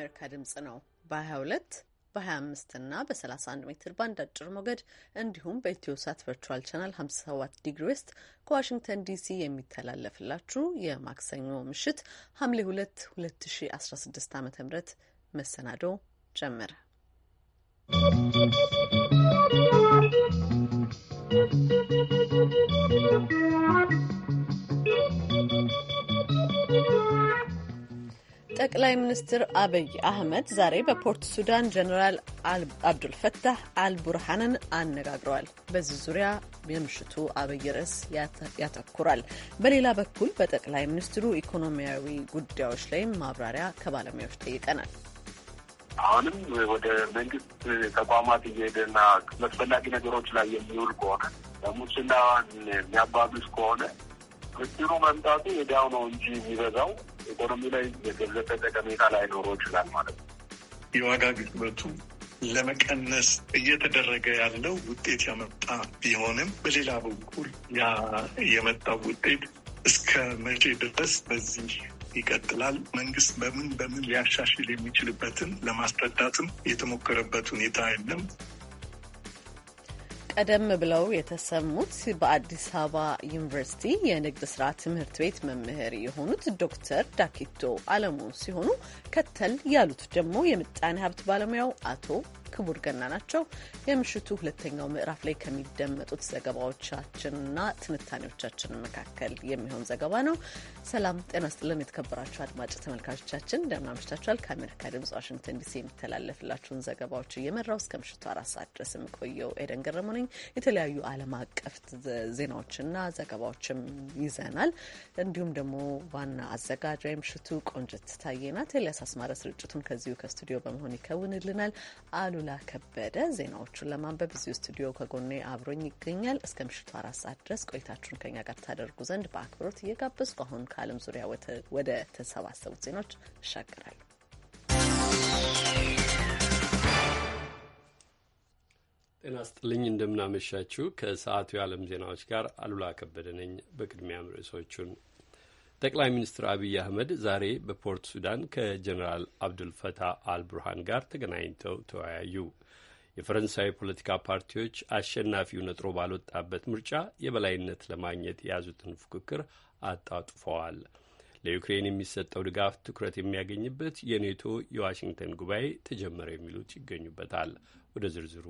የአሜሪካ ድምጽ ነው በ22 በ25 እና በ31 ሜትር ባንድ አጭር ሞገድ እንዲሁም በኢትዮ ሳት ቨርቹዋል ቻናል 57 ዲግሪ ዌስት ከዋሽንግተን ዲሲ የሚተላለፍላችሁ የማክሰኞ ምሽት ሐምሌ 2 2016 ዓ ም መሰናዶ ጀመረ። ¶¶ ጠቅላይ ሚኒስትር አብይ አህመድ ዛሬ በፖርት ሱዳን ጀኔራል አብዱልፈታህ አልቡርሃንን አነጋግረዋል። በዚህ ዙሪያ የምሽቱ አብይ ርዕስ ያተኩራል። በሌላ በኩል በጠቅላይ ሚኒስትሩ ኢኮኖሚያዊ ጉዳዮች ላይም ማብራሪያ ከባለሙያዎች ጠይቀናል። አሁንም ወደ መንግስት ተቋማት እየሄደና አስፈላጊ ነገሮች ላይ የሚውል ከሆነ ሙስናዋን የሚያባብስ ከሆነ ብድሩ መምጣቱ ወዲያው ነው እንጂ የሚበዛው ኢኮኖሚ ላይ የገለጠ ጠቀሜታ ላይኖረው ይችላል ማለት ነው። የዋጋ ግሽበቱ ለመቀነስ እየተደረገ ያለው ውጤት ያመጣ ቢሆንም በሌላ በኩል ያ የመጣው ውጤት እስከ መቼ ድረስ በዚህ ይቀጥላል? መንግስት በምን በምን ሊያሻሽል የሚችልበትን ለማስረዳትም የተሞከረበት ሁኔታ የለም። ቀደም ብለው የተሰሙት በአዲስ አበባ ዩኒቨርሲቲ የንግድ ስራ ትምህርት ቤት መምህር የሆኑት ዶክተር ዳኪቶ አለሙ ሲሆኑ ከተል ያሉት ደግሞ የምጣኔ ሀብት ባለሙያው አቶ ክቡር ገና ናቸው። የምሽቱ ሁለተኛው ምዕራፍ ላይ ከሚደመጡት ዘገባዎቻችንና ትንታኔዎቻችን መካከል የሚሆን ዘገባ ነው። ሰላም ጤና ስጥልን። የተከበራችሁ አድማጭ ተመልካቾቻችን እንደምን አምሽታችኋል። ከአሜሪካ ድምጽ ዋሽንግተን ዲሲ የሚተላለፍላችሁን ዘገባዎች እየመራው እስከ ምሽቱ አራት ሰዓት ድረስ የምቆየው ኤደን ገረመ ነኝ። የተለያዩ ዓለም አቀፍ ዜናዎችና ዘገባዎችም ይዘናል። እንዲሁም ደግሞ ዋና አዘጋጅ የምሽቱ ቆንጅት ታየናት። ኤልያስ አስማረ ስርጭቱን ከዚሁ ከስቱዲዮ በመሆን ይከውንልናል አሉ አሉላ ከበደ ዜናዎቹን ለማንበብ እዚሁ ስቱዲዮ ከጎኔ አብሮኝ ይገኛል። እስከ ምሽቱ አራት ሰዓት ድረስ ቆይታችሁን ከኛ ጋር ታደርጉ ዘንድ በአክብሮት እየጋበዝኩ አሁን ከዓለም ዙሪያ ወደ ተሰባሰቡት ዜናዎች እሻገራለሁ። ጤና ስጥልኝ እንደምናመሻችሁ። ከሰዓቱ የዓለም ዜናዎች ጋር አሉላ ከበደ ነኝ። በቅድሚያም ርዕሶቹን ጠቅላይ ሚኒስትር አብይ አህመድ ዛሬ በፖርት ሱዳን ከጀኔራል አብዱልፈታህ አልቡርሃን ጋር ተገናኝተው ተወያዩ። የፈረንሳዊ ፖለቲካ ፓርቲዎች አሸናፊው ነጥሮ ባልወጣበት ምርጫ የበላይነት ለማግኘት የያዙትን ፉክክር አጣጥፈዋል። ለዩክሬን የሚሰጠው ድጋፍ ትኩረት የሚያገኝበት የኔቶ የዋሽንግተን ጉባኤ ተጀመረ የሚሉት ይገኙበታል። ወደ ዝርዝሩ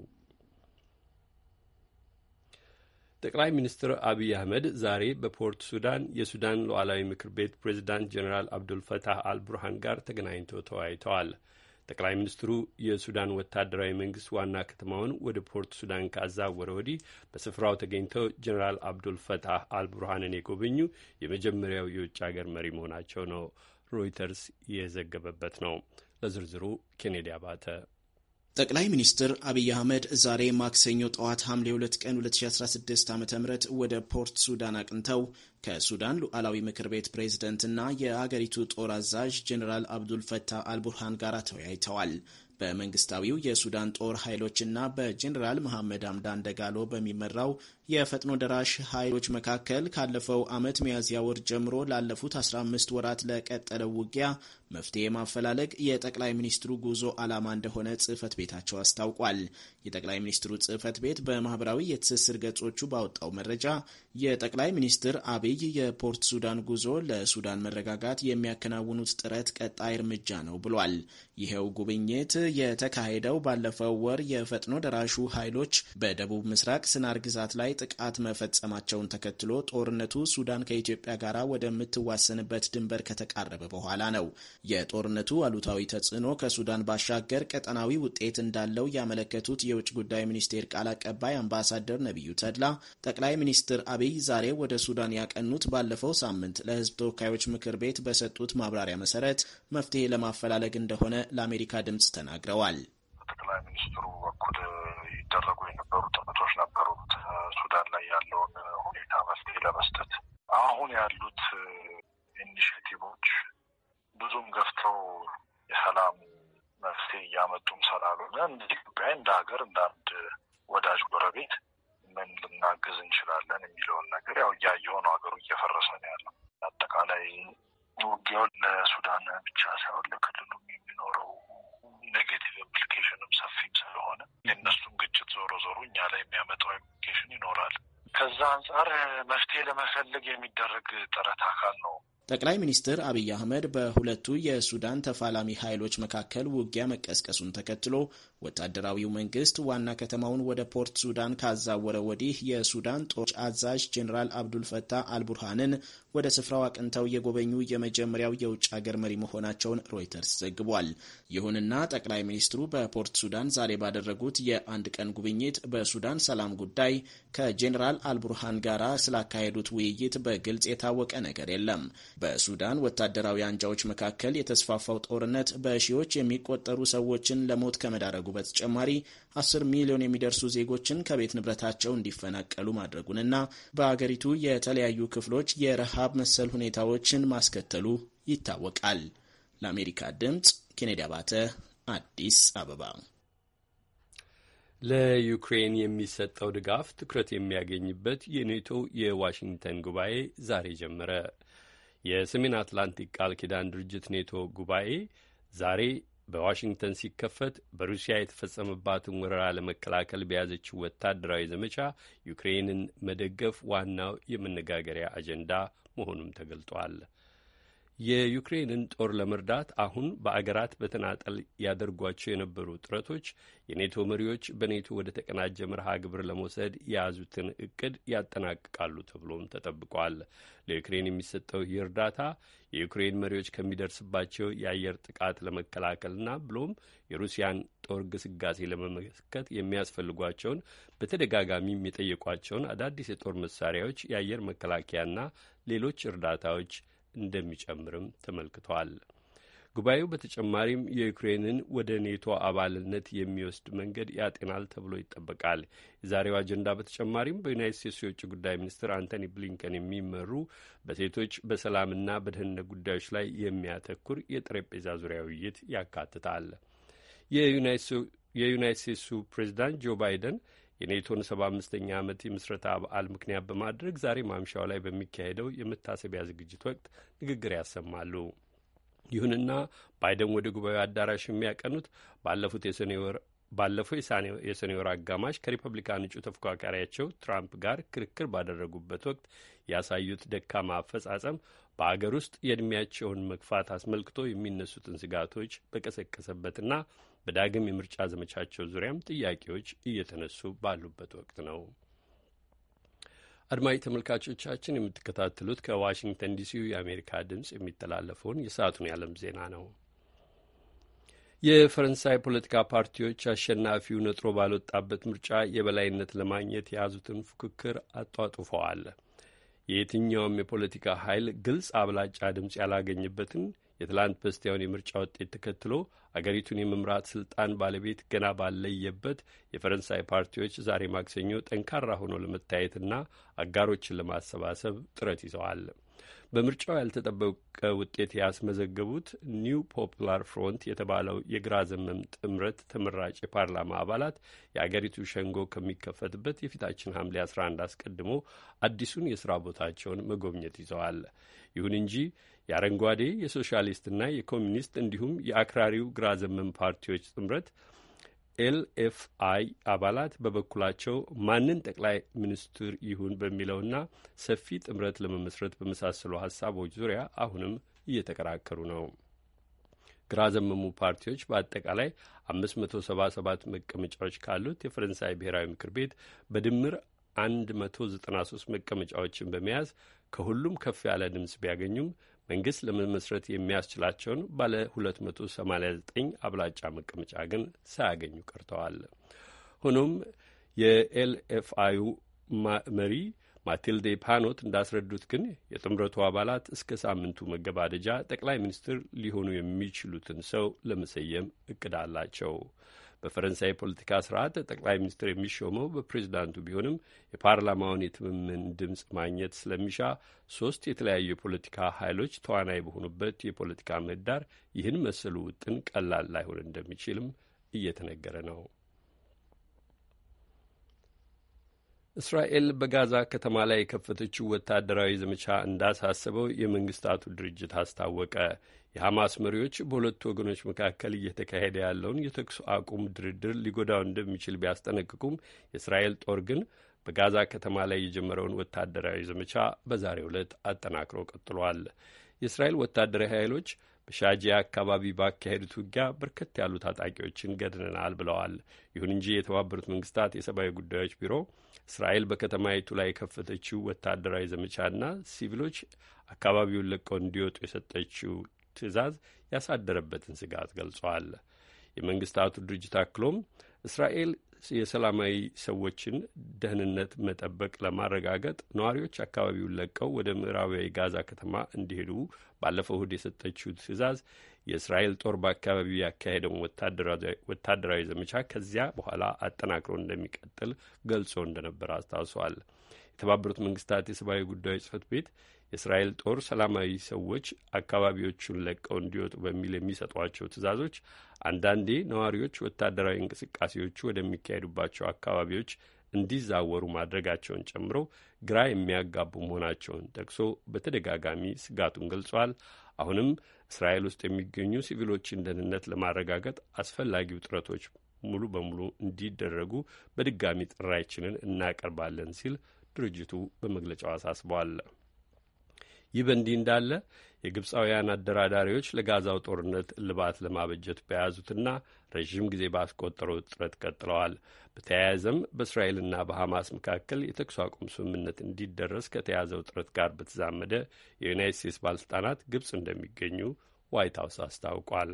ጠቅላይ ሚኒስትር አብይ አህመድ ዛሬ በፖርት ሱዳን የሱዳን ሉዓላዊ ምክር ቤት ፕሬዚዳንት ጀኔራል አብዱልፈታህ አልቡርሃን ጋር ተገናኝተው ተወያይተዋል። ጠቅላይ ሚኒስትሩ የሱዳን ወታደራዊ መንግስት ዋና ከተማውን ወደ ፖርት ሱዳን ካዛወረ ወዲህ በስፍራው ተገኝተው ጀኔራል አብዱልፈታህ አልቡርሃንን የጎበኙ የመጀመሪያው የውጭ ሀገር መሪ መሆናቸው ነው ሮይተርስ የዘገበበት ነው። ለዝርዝሩ ኬኔዲ አባተ ጠቅላይ ሚኒስትር አብይ አህመድ ዛሬ ማክሰኞ ጠዋት ሐምሌ 2 ቀን 2016 ዓ ም ወደ ፖርት ሱዳን አቅንተው ከሱዳን ሉዓላዊ ምክር ቤት ፕሬዝደንትና የአገሪቱ ጦር አዛዥ ጀኔራል አብዱልፈታህ አልቡርሃን ጋር ተወያይተዋል። በመንግስታዊው የሱዳን ጦር ኃይሎችና በጀኔራል መሐመድ አምዳን ደጋሎ በሚመራው የፈጥኖ ደራሽ ኃይሎች መካከል ካለፈው ዓመት ሚያዝያ ወር ጀምሮ ላለፉት 15 ወራት ለቀጠለው ውጊያ መፍትሄ የማፈላለግ የጠቅላይ ሚኒስትሩ ጉዞ ዓላማ እንደሆነ ጽህፈት ቤታቸው አስታውቋል። የጠቅላይ ሚኒስትሩ ጽህፈት ቤት በማህበራዊ የትስስር ገጾቹ ባወጣው መረጃ የጠቅላይ ሚኒስትር አብይ የፖርት ሱዳን ጉዞ ለሱዳን መረጋጋት የሚያከናውኑት ጥረት ቀጣይ እርምጃ ነው ብሏል። ይኸው ጉብኝት የተካሄደው ባለፈው ወር የፈጥኖ ደራሹ ኃይሎች በደቡብ ምስራቅ ስናር ግዛት ላይ ጥቃት መፈጸማቸውን ተከትሎ ጦርነቱ ሱዳን ከኢትዮጵያ ጋር ወደምትዋሰንበት ድንበር ከተቃረበ በኋላ ነው። የጦርነቱ አሉታዊ ተጽዕኖ ከሱዳን ባሻገር ቀጠናዊ ውጤት እንዳለው ያመለከቱት የውጭ ጉዳይ ሚኒስቴር ቃል አቀባይ አምባሳደር ነቢዩ ተድላ ጠቅላይ ሚኒስትር አብይ ዛሬ ወደ ሱዳን ያቀኑት ባለፈው ሳምንት ለሕዝብ ተወካዮች ምክር ቤት በሰጡት ማብራሪያ መሰረት መፍትሄ ለማፈላለግ እንደሆነ ለአሜሪካ ድምፅ ተናግረዋል። በጠቅላይ ሚኒስትሩ በኩል ይደረጉ የነበሩ ጥረቶች ነበሩ። ሱዳን ላይ ያለውን ሁኔታ መፍትሄ ለመስጠት አሁን ያሉት ኢኒሽቲቮች ብዙም ገፍተው የሰላም መፍትሄ እያመጡም ስላልሆነ እንደ ኢትዮጵያ እንደ ሀገር እንደ አንድ ወዳጅ ጎረቤት ምን ልናግዝ እንችላለን የሚለውን ነገር ያው እያየሁ ነው። ሀገሩ እየፈረሰ ነው ያለው። አጠቃላይ ውጊያው ለሱዳን ብቻ ሳይሆን ለክልሉም የሚኖረው ኔጌቲቭ ኢምፕሊኬሽንም ሰፊም ስለሆነ የእነሱም ግጭት ዞሮ ዞሮ እኛ ላይ የሚያመጣው ኢምፕሊኬሽን ይኖራል። ከዛ አንጻር መፍትሄ ለመፈለግ የሚደረግ ጥረት አካል ነው። ጠቅላይ ሚኒስትር አብይ አህመድ በሁለቱ የሱዳን ተፋላሚ ኃይሎች መካከል ውጊያ መቀስቀሱን ተከትሎ ወታደራዊው መንግስት ዋና ከተማውን ወደ ፖርት ሱዳን ካዛወረ ወዲህ የሱዳን ጦር አዛዥ ጄኔራል አብዱልፈታህ አልቡርሃንን ወደ ስፍራው አቅንተው የጎበኙ የመጀመሪያው የውጭ ሀገር መሪ መሆናቸውን ሮይተርስ ዘግቧል። ይሁንና ጠቅላይ ሚኒስትሩ በፖርት ሱዳን ዛሬ ባደረጉት የአንድ ቀን ጉብኝት በሱዳን ሰላም ጉዳይ ከጄኔራል አልቡርሃን ጋር ስላካሄዱት ውይይት በግልጽ የታወቀ ነገር የለም። በሱዳን ወታደራዊ አንጃዎች መካከል የተስፋፋው ጦርነት በሺዎች የሚቆጠሩ ሰዎችን ለሞት ከመዳረጉ ከማድረጉ በተጨማሪ 10 ሚሊዮን የሚደርሱ ዜጎችን ከቤት ንብረታቸው እንዲፈናቀሉ ማድረጉንና በአገሪቱ የተለያዩ ክፍሎች የረሃብ መሰል ሁኔታዎችን ማስከተሉ ይታወቃል። ለአሜሪካ ድምፅ ኬኔዲ አባተ አዲስ አበባ። ለዩክሬን የሚሰጠው ድጋፍ ትኩረት የሚያገኝበት የኔቶ የዋሽንግተን ጉባኤ ዛሬ ጀመረ። የሰሜን አትላንቲክ ቃል ኪዳን ድርጅት ኔቶ ጉባኤ ዛሬ በዋሽንግተን ሲከፈት በሩሲያ የተፈጸመባትን ወረራ ለመከላከል በያዘችው ወታደራዊ ዘመቻ ዩክሬንን መደገፍ ዋናው የመነጋገሪያ አጀንዳ መሆኑም ተገልጧል። የዩክሬንን ጦር ለመርዳት አሁን በአገራት በተናጠል ያደርጓቸው የነበሩ ጥረቶች የኔቶ መሪዎች በኔቶ ወደ ተቀናጀ መርሃ ግብር ለመውሰድ የያዙትን እቅድ ያጠናቅቃሉ ተብሎም ተጠብቋል። ለዩክሬን የሚሰጠው ይህ እርዳታ የዩክሬን መሪዎች ከሚደርስባቸው የአየር ጥቃት ለመከላከልና ብሎም የሩሲያን ጦር ግስጋሴ ለመመከት የሚያስፈልጓቸውን በተደጋጋሚም የጠየቋቸውን አዳዲስ የጦር መሳሪያዎች፣ የአየር መከላከያና ሌሎች እርዳታዎች እንደሚጨምርም ተመልክቷል። ጉባኤው በተጨማሪም የዩክሬንን ወደ ኔቶ አባልነት የሚወስድ መንገድ ያጤናል ተብሎ ይጠበቃል። የዛሬው አጀንዳ በተጨማሪም በዩናይት ስቴትስ የውጭ ጉዳይ ሚኒስትር አንቶኒ ብሊንከን የሚመሩ በሴቶች በሰላምና በደህንነት ጉዳዮች ላይ የሚያተኩር የጠረጴዛ ዙሪያ ውይይት ያካትታል። የዩናይት ስቴትሱ ፕሬዚዳንት ጆ ባይደን የኔቶን ሰባ አምስተኛ ዓመት የምስረታ በዓል ምክንያት በማድረግ ዛሬ ማምሻው ላይ በሚካሄደው የመታሰቢያ ዝግጅት ወቅት ንግግር ያሰማሉ። ይሁንና ባይደን ወደ ጉባኤው አዳራሽ የሚያቀኑት ባለፉት የሰኔ ወር ባለፈው የሰኔ ወር አጋማሽ ከሪፐብሊካን እጩ ተፎካካሪያቸው ትራምፕ ጋር ክርክር ባደረጉበት ወቅት ያሳዩት ደካማ አፈጻጸም በአገር ውስጥ የዕድሜያቸውን መግፋት አስመልክቶ የሚነሱትን ስጋቶች በቀሰቀሰበትና በዳግም የምርጫ ዘመቻቸው ዙሪያም ጥያቄዎች እየተነሱ ባሉበት ወቅት ነው። አድማጭ ተመልካቾቻችን የምትከታተሉት ከዋሽንግተን ዲሲ የአሜሪካ ድምፅ የሚተላለፈውን የሰዓቱን የዓለም ዜና ነው። የፈረንሳይ ፖለቲካ ፓርቲዎች አሸናፊው ነጥሮ ባልወጣበት ምርጫ የበላይነት ለማግኘት የያዙትን ፉክክር አጧጡፈዋል። የየትኛውም የፖለቲካ ኃይል ግልጽ አብላጫ ድምፅ ያላገኘበትን የትላንት በስቲያውን የምርጫ ውጤት ተከትሎ አገሪቱን የመምራት ስልጣን ባለቤት ገና ባለየበት የፈረንሳይ ፓርቲዎች ዛሬ ማክሰኞ ጠንካራ ሆኖ ለመታየትና አጋሮችን ለማሰባሰብ ጥረት ይዘዋል። በምርጫው ያልተጠበቀ ውጤት ያስመዘገቡት ኒው ፖፕላር ፍሮንት የተባለው የግራ ዘመም ጥምረት ተመራጭ የፓርላማ አባላት የአገሪቱ ሸንጎ ከሚከፈትበት የፊታችን ሐምሌ 11 አስቀድሞ አዲሱን የስራ ቦታቸውን መጎብኘት ይዘዋል። ይሁን እንጂ የአረንጓዴ የሶሻሊስትና የኮሚኒስት እንዲሁም የአክራሪው ግራ ዘመም ፓርቲዎች ጥምረት ኤልኤፍአይ አባላት በበኩላቸው ማንን ጠቅላይ ሚኒስትር ይሁን በሚለውና ሰፊ ጥምረት ለመመስረት በመሳሰሉ ሀሳቦች ዙሪያ አሁንም እየተከራከሩ ነው። ግራ ዘመሙ ፓርቲዎች በአጠቃላይ 577 መቀመጫዎች ካሉት የፈረንሳይ ብሔራዊ ምክር ቤት በድምር 193 መቀመጫዎችን በመያዝ ከሁሉም ከፍ ያለ ድምፅ ቢያገኙም መንግስት ለመመስረት የሚያስችላቸውን ባለ 289 አብላጫ መቀመጫ ግን ሳያገኙ ቀርተዋል። ሆኖም የኤልኤፍአዩ መሪ ማቲልዴ ፓኖት እንዳስረዱት ግን የጥምረቱ አባላት እስከ ሳምንቱ መገባደጃ ጠቅላይ ሚኒስትር ሊሆኑ የሚችሉትን ሰው ለመሰየም እቅድ አላቸው። በፈረንሳይ የፖለቲካ ስርዓት ጠቅላይ ሚኒስትር የሚሾመው በፕሬዚዳንቱ ቢሆንም የፓርላማውን የትምምን ድምፅ ማግኘት ስለሚሻ ሶስት የተለያዩ የፖለቲካ ኃይሎች ተዋናይ በሆኑበት የፖለቲካ ምህዳር ይህን መሰሉ ውጥን ቀላል ላይሆን እንደሚችልም እየተነገረ ነው። እስራኤል በጋዛ ከተማ ላይ የከፈተችው ወታደራዊ ዘመቻ እንዳሳሰበው የመንግስታቱ ድርጅት አስታወቀ። የሐማስ መሪዎች በሁለቱ ወገኖች መካከል እየተካሄደ ያለውን የተኩስ አቁም ድርድር ሊጎዳው እንደሚችል ቢያስጠነቅቁም የእስራኤል ጦር ግን በጋዛ ከተማ ላይ የጀመረውን ወታደራዊ ዘመቻ በዛሬ ዕለት አጠናክሮ ቀጥሏል። የእስራኤል ወታደራዊ ኃይሎች በሻጂያ አካባቢ ባካሄዱት ውጊያ በርከት ያሉ ታጣቂዎችን ገድነናል ብለዋል። ይሁን እንጂ የተባበሩት መንግስታት የሰብአዊ ጉዳዮች ቢሮ እስራኤል በከተማይቱ ላይ የከፈተችው ወታደራዊ ዘመቻና ሲቪሎች አካባቢውን ለቀው እንዲወጡ የሰጠችው ትዕዛዝ ያሳደረበትን ስጋት ገልጸዋል። የመንግስታቱ ድርጅት አክሎም እስራኤል የሰላማዊ ሰዎችን ደህንነት መጠበቅ ለማረጋገጥ ነዋሪዎች አካባቢውን ለቀው ወደ ምዕራባዊ ጋዛ ከተማ እንዲሄዱ ባለፈው እሁድ የሰጠችው ትዕዛዝ የእስራኤል ጦር በአካባቢው ያካሄደውን ወታደራዊ ዘመቻ ከዚያ በኋላ አጠናክሮ እንደሚቀጥል ገልጾ እንደነበር አስታውሷል። የተባበሩት መንግስታት የሰብአዊ ጉዳዮች ጽህፈት ቤት የእስራኤል ጦር ሰላማዊ ሰዎች አካባቢዎቹን ለቀው እንዲወጡ በሚል የሚሰጧቸው ትዕዛዞች አንዳንዴ ነዋሪዎች ወታደራዊ እንቅስቃሴዎቹ ወደሚካሄዱባቸው አካባቢዎች እንዲዛወሩ ማድረጋቸውን ጨምሮ ግራ የሚያጋቡ መሆናቸውን ጠቅሶ በተደጋጋሚ ስጋቱን ገልጿል። አሁንም እስራኤል ውስጥ የሚገኙ ሲቪሎችን ደህንነት ለማረጋገጥ አስፈላጊው ጥረቶች ሙሉ በሙሉ እንዲደረጉ በድጋሚ ጥሪያችንን እናቀርባለን ሲል ድርጅቱ በመግለጫው አሳስበዋል። ይህ በእንዲህ እንዳለ የግብፃውያን አደራዳሪዎች ለጋዛው ጦርነት እልባት ለማበጀት በያዙትና ረዥም ጊዜ ባስቆጠረው ጥረት ቀጥለዋል። በተያያዘም በእስራኤልና በሐማስ መካከል የተኩስ አቁም ስምምነት እንዲደረስ ከተያዘው ጥረት ጋር በተዛመደ የዩናይት ስቴትስ ባለስልጣናት ግብፅ እንደሚገኙ ዋይት ሀውስ አስታውቋል።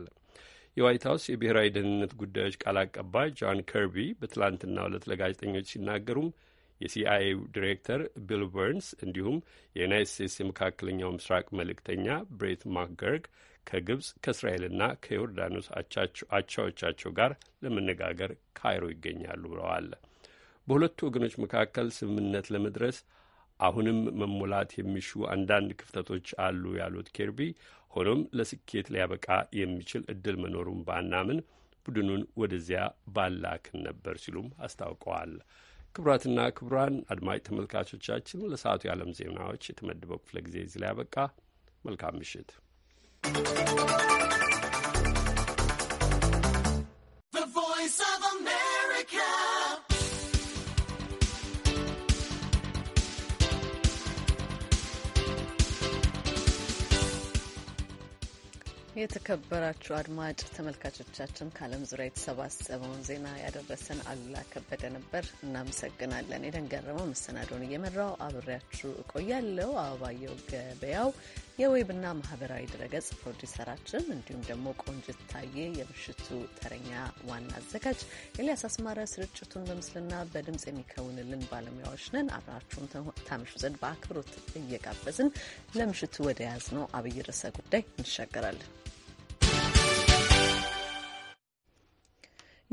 የዋይት ሀውስ የብሔራዊ ደህንነት ጉዳዮች ቃል አቀባይ ጆን ከርቢ በትላንትና ዕለት ለጋዜጠኞች ሲናገሩም የሲአይኤው ዲሬክተር ቢል በርንስ እንዲሁም የዩናይት ስቴትስ የመካከለኛው ምስራቅ መልእክተኛ ብሬት ማክገርግ ከግብፅ ከእስራኤልና ከዮርዳኖስ አቻዎቻቸው ጋር ለመነጋገር ካይሮ ይገኛሉ ብለዋል። በሁለቱ ወገኖች መካከል ስምምነት ለመድረስ አሁንም መሞላት የሚሹ አንዳንድ ክፍተቶች አሉ ያሉት ኬርቢ፣ ሆኖም ለስኬት ሊያበቃ የሚችል እድል መኖሩን ባናምን ቡድኑን ወደዚያ ባላክን ነበር ሲሉም አስታውቀዋል። ክቡራትና ክቡራን አድማጭ ተመልካቾቻችን ለሰዓቱ የዓለም ዜናዎች የተመደበው ክፍለ ጊዜ እዚህ ላይ ያበቃ። መልካም ምሽት። የተከበራችሁ አድማጭ ተመልካቾቻችን ከዓለም ዙሪያ የተሰባሰበውን ዜና ያደረሰን አሉላ ከበደ ነበር። እናመሰግናለን። የደንገረመው መሰናዶን እየመራው አብሬያችሁ እቆያለሁ። አበባየው ገበያው የዌብና ማህበራዊ ድረገጽ ፕሮዲሰራችን እንዲሁም ደግሞ ቆንጅት ታየ የምሽቱ ተረኛ ዋና አዘጋጅ፣ ኤልያስ አስማረ ስርጭቱን በምስልና በድምፅ የሚከውንልን ባለሙያዎች ነን። አብራችሁን ታምሹ ዘንድ በአክብሮት እየጋበዝን ለምሽቱ ወደ ያዝነው አብይ ርዕሰ ጉዳይ እንሻገራለን።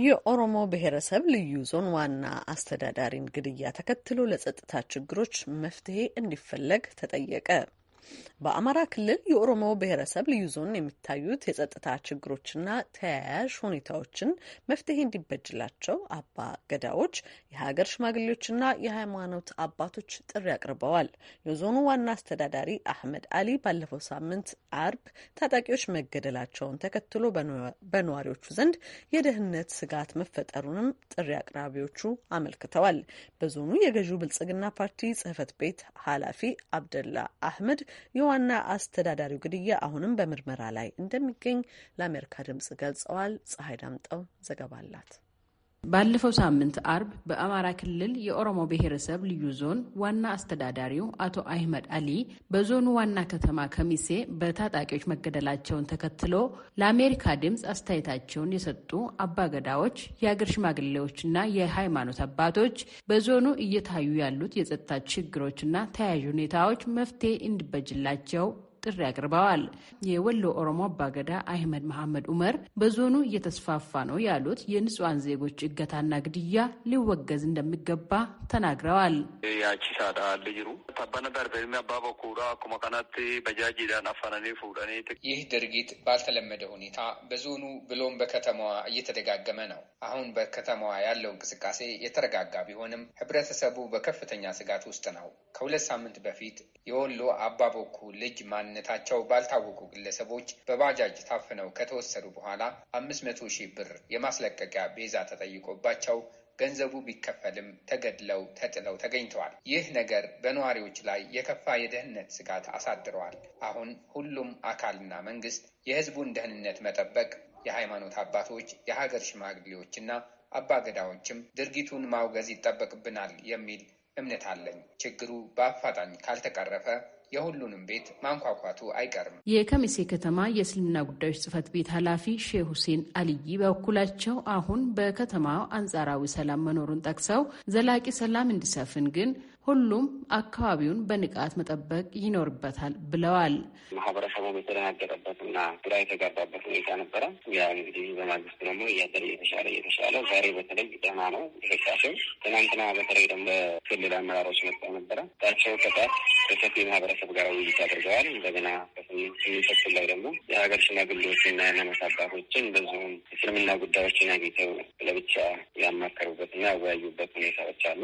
የኦሮሞ ብሔረሰብ ልዩ ዞን ዋና አስተዳዳሪን ግድያ ተከትሎ ለጸጥታ ችግሮች መፍትሄ እንዲፈለግ ተጠየቀ። በአማራ ክልል የኦሮሞ ብሔረሰብ ልዩ ዞን የሚታዩት የጸጥታ ችግሮችና ተያያዥ ሁኔታዎችን መፍትሄ እንዲበጅላቸው አባ ገዳዎች፣ የሀገር ሽማግሌዎችና የሃይማኖት አባቶች ጥሪ አቅርበዋል። የዞኑ ዋና አስተዳዳሪ አህመድ አሊ ባለፈው ሳምንት አርብ ታጣቂዎች መገደላቸውን ተከትሎ በነዋሪዎቹ ዘንድ የደህንነት ስጋት መፈጠሩንም ጥሪ አቅራቢዎቹ አመልክተዋል። በዞኑ የገዢው ብልጽግና ፓርቲ ጽህፈት ቤት ኃላፊ አብደላ አህመድ የዋና አስተዳዳሪው ግድያ አሁንም በምርመራ ላይ እንደሚገኝ ለአሜሪካ ድምጽ ገልጸዋል። ፀሐይ ዳምጠው ዘገባ አላት። ባለፈው ሳምንት አርብ በአማራ ክልል የኦሮሞ ብሔረሰብ ልዩ ዞን ዋና አስተዳዳሪው አቶ አህመድ አሊ በዞኑ ዋና ከተማ ከሚሴ በታጣቂዎች መገደላቸውን ተከትሎ ለአሜሪካ ድምፅ አስተያየታቸውን የሰጡ አባገዳዎች፣ የአገር ሽማግሌዎችና የሃይማኖት አባቶች በዞኑ እየታዩ ያሉት የጸጥታ ችግሮችና ተያያዥ ሁኔታዎች መፍትሄ እንዲበጅላቸው ጥሪ አቅርበዋል። የወሎ ኦሮሞ አባገዳ አህመድ መሐመድ ኡመር በዞኑ እየተስፋፋ ነው ያሉት የንጹሐን ዜጎች እገታና ግድያ ሊወገዝ እንደሚገባ ተናግረዋል። ይህ ድርጊት ባልተለመደ ሁኔታ በዞኑ ብሎም በከተማዋ እየተደጋገመ ነው። አሁን በከተማዋ ያለው እንቅስቃሴ የተረጋጋ ቢሆንም ህብረተሰቡ በከፍተኛ ስጋት ውስጥ ነው። ከሁለት ሳምንት በፊት የወሎ አባቦኩ ልጅ ማን ማንነታቸው ባልታወቁ ግለሰቦች በባጃጅ ታፍነው ከተወሰዱ በኋላ አምስት መቶ ሺህ ብር የማስለቀቂያ ቤዛ ተጠይቆባቸው ገንዘቡ ቢከፈልም ተገድለው ተጥለው ተገኝተዋል። ይህ ነገር በነዋሪዎች ላይ የከፋ የደህንነት ስጋት አሳድረዋል። አሁን ሁሉም አካልና መንግስት የህዝቡን ደህንነት መጠበቅ፣ የሃይማኖት አባቶች፣ የሀገር ሽማግሌዎችና አባገዳዎችም ድርጊቱን ማውገዝ ይጠበቅብናል የሚል እምነት አለኝ። ችግሩ በአፋጣኝ ካልተቀረፈ የሁሉንም ቤት ማንኳኳቱ አይቀርም። የከሚሴ ከተማ የእስልምና ጉዳዮች ጽህፈት ቤት ኃላፊ ሼህ ሁሴን አልይ በበኩላቸው አሁን በከተማው አንጻራዊ ሰላም መኖሩን ጠቅሰው ዘላቂ ሰላም እንዲሰፍን ግን ሁሉም አካባቢውን በንቃት መጠበቅ ይኖርበታል ብለዋል። ማህበረሰቡ የተደናገጠበት የተደናገጠበትና ግራ የተጋባበት ሁኔታ ነበረ። ያ እንግዲህ በማግስት ደግሞ እያደር እየተሻለ እየተሻለ ዛሬ በተለይ ደህና ነው እንቅስቃሴው። ትናንትና በተለይ ደግሞ በክልል አመራሮች መጣ ነበረ ጣቸው ከጣት ከሰፊ ማህበረሰብ ጋር ውይይት አድርገዋል። እንደገና ስሚሰክል ላይ ደግሞ የሀገር ሽማግሌዎችና የሃይማኖት አባቶችን በዚሁም እስልምና ጉዳዮችን አግኝተው ለብቻ ያማከሩበት ያማከሩበትና ያወያዩበት ሁኔታዎች አሉ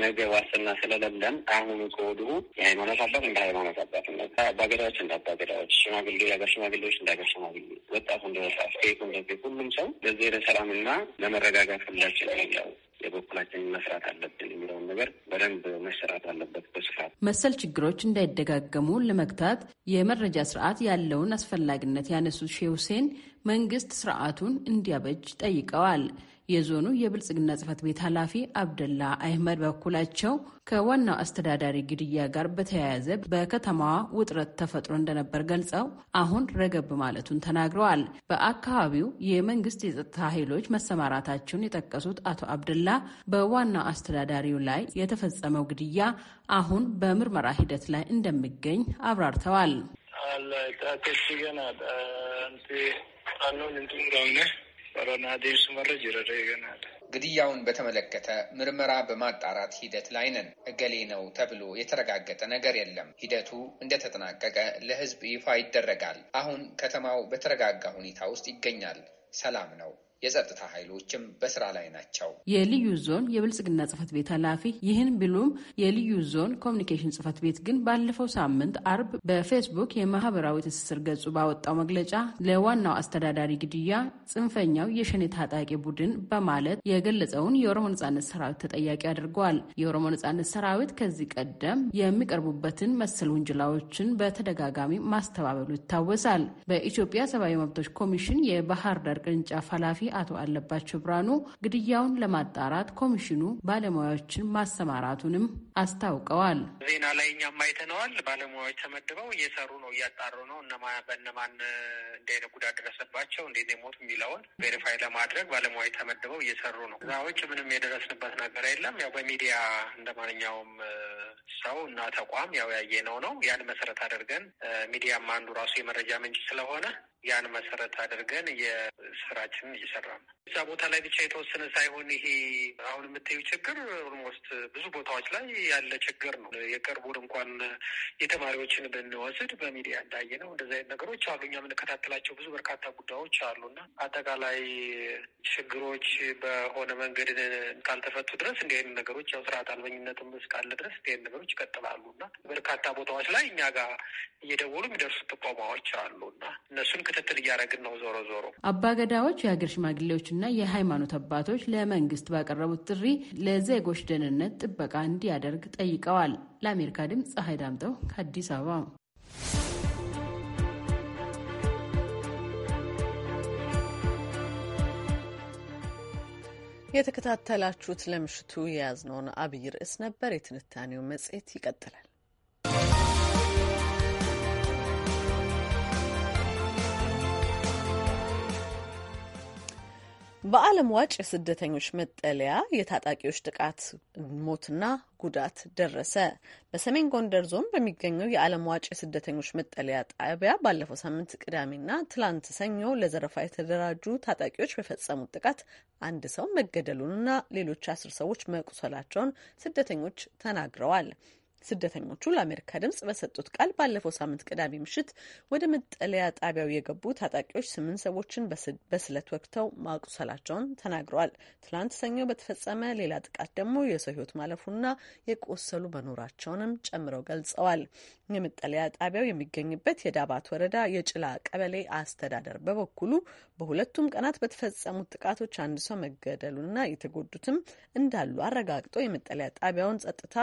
ነገ ዋስ ክርስትና ስለሌለን አሁኑ ከወዲሁ የሃይማኖት አባት እንደ ሃይማኖት አባትነት፣ አባገዳዎች እንደ አባገዳዎች፣ ሽማግሌ ያገር ሽማግሌዎች እንደ ገር ሽማግሌ፣ ወጣቱ እንደ ወጣት፣ ሴቱ እንደ ሴት፣ ሁሉም ሰው ለዚህ ለሰላምና ለመረጋጋት ሁላችን ያው የበኩላችን መስራት አለብን የሚለውን ነገር በደንብ መሰራት አለበት በስፋት። መሰል ችግሮች እንዳይደጋገሙ ለመግታት የመረጃ ስርዓት ያለውን አስፈላጊነት ያነሱት ሼህ ሁሴን መንግስት ስርዓቱን እንዲያበጅ ጠይቀዋል። የዞኑ የብልጽግና ጽህፈት ቤት ኃላፊ አብደላ አህመድ በኩላቸው ከዋናው አስተዳዳሪ ግድያ ጋር በተያያዘ በከተማዋ ውጥረት ተፈጥሮ እንደነበር ገልጸው አሁን ረገብ ማለቱን ተናግረዋል። በአካባቢው የመንግስት የጸጥታ ኃይሎች መሰማራታቸውን የጠቀሱት አቶ አብደላ በዋናው አስተዳዳሪው ላይ የተፈጸመው ግድያ አሁን በምርመራ ሂደት ላይ እንደሚገኝ አብራርተዋል። ጸረና ዴብስ መረጅ ይረዳ ይገናል። ግድያውን በተመለከተ ምርመራ በማጣራት ሂደት ላይ ነን። እገሌ ነው ተብሎ የተረጋገጠ ነገር የለም። ሂደቱ እንደተጠናቀቀ ለሕዝብ ይፋ ይደረጋል። አሁን ከተማው በተረጋጋ ሁኔታ ውስጥ ይገኛል። ሰላም ነው። የጸጥታ ኃይሎችም በስራ ላይ ናቸው። የልዩ ዞን የብልጽግና ጽህፈት ቤት ኃላፊ ይህን ቢሉም የልዩ ዞን ኮሚኒኬሽን ጽህፈት ቤት ግን ባለፈው ሳምንት አርብ በፌስቡክ የማህበራዊ ትስስር ገጹ ባወጣው መግለጫ ለዋናው አስተዳዳሪ ግድያ ጽንፈኛው የሸኔ ታጣቂ ቡድን በማለት የገለጸውን የኦሮሞ ነጻነት ሰራዊት ተጠያቂ አድርገዋል። የኦሮሞ ነጻነት ሰራዊት ከዚህ ቀደም የሚቀርቡበትን መሰል ውንጅላዎችን በተደጋጋሚ ማስተባበሉ ይታወሳል። በኢትዮጵያ ሰብአዊ መብቶች ኮሚሽን የባህር ዳር ቅርንጫፍ ኃላፊ አቶ አለባቸው ብርሃኑ ግድያውን ለማጣራት ኮሚሽኑ ባለሙያዎችን ማሰማራቱንም አስታውቀዋል። ዜና ላይ እኛም አይተነዋል። ባለሙያዎች ተመድበው እየሰሩ ነው፣ እያጣሩ ነው። እነማ በእነማን እንደአይነት ጉዳት ደረሰባቸው፣ እንዴት ሞት የሚለውን ቬሪፋይ ለማድረግ ባለሙያዎች ተመድበው እየሰሩ ነው። እዛ ውጭ ምንም የደረስንበት ነገር የለም። ያው በሚዲያ እንደ ማንኛውም ሰው እና ተቋም ያው ያየነው ነው። ያን መሰረት አድርገን ሚዲያም አንዱ ራሱ የመረጃ ምንጭ ስለሆነ ያን መሰረት አድርገን የስራችንን እየሰራ ነው። እዛ ቦታ ላይ ብቻ የተወሰነ ሳይሆን ይሄ አሁን የምታዩ ችግር ኦልሞስት ብዙ ቦታዎች ላይ ያለ ችግር ነው። የቅርቡን እንኳን የተማሪዎችን ብንወስድ በሚዲያ እንዳየ ነው እንደዚህ አይነት ነገሮች አሉ። እኛ የምንከታተላቸው ብዙ በርካታ ጉዳዮች አሉና አጠቃላይ ችግሮች በሆነ መንገድ ካልተፈቱ ድረስ እንዲህ አይነት ነገሮች ያው ስርዓት አልበኝነትም እስካለ ድረስ እንዲህ አይነት ነገሮች ይቀጥላሉ በርካታ ቦታዎች ላይ እኛ ጋር እየደወሉ የሚደርሱ ጥቆማዎች አሉና እነሱን ክትትል እያደረግን ነው። ዞሮ ዞሮ አባገዳዎች፣ የሀገር ሽማግሌዎችና የሃይማኖት አባቶች ለመንግስት ባቀረቡት ጥሪ ለዜጎች ደህንነት ጥበቃ እንዲያደርግ ጠይቀዋል። ለአሜሪካ ድምፅ ፀሐይ ዳምጠው ከአዲስ አበባ። የተከታተላችሁት ለምሽቱ የያዝነውን አብይ ርዕስ ነበር። የትንታኔው መጽሔት ይቀጥላል። በዓለም ዋጭ የስደተኞች መጠለያ የታጣቂዎች ጥቃት ሞትና ጉዳት ደረሰ። በሰሜን ጎንደር ዞን በሚገኘው የዓለም ዋጭ የስደተኞች መጠለያ ጣቢያ ባለፈው ሳምንት ቅዳሜና ትላንት ሰኞ ለዘረፋ የተደራጁ ታጣቂዎች በፈጸሙት ጥቃት አንድ ሰው መገደሉንና ሌሎች አስር ሰዎች መቁሰላቸውን ስደተኞች ተናግረዋል። ስደተኞቹ ለአሜሪካ ድምጽ በሰጡት ቃል ባለፈው ሳምንት ቅዳሜ ምሽት ወደ መጠለያ ጣቢያው የገቡ ታጣቂዎች ስምንት ሰዎችን በስለት ወግተው ማቁሰላቸውን ተናግረዋል። ትላንት ሰኞ በተፈጸመ ሌላ ጥቃት ደግሞ የሰው ህይወት ማለፉና የቆሰሉ መኖራቸውንም ጨምረው ገልጸዋል። የመጠለያ ጣቢያው የሚገኝበት የዳባት ወረዳ የጭላ ቀበሌ አስተዳደር በበኩሉ በሁለቱም ቀናት በተፈጸሙት ጥቃቶች አንድ ሰው መገደሉና የተጎዱትም እንዳሉ አረጋግጦ የመጠለያ ጣቢያውን ጸጥታ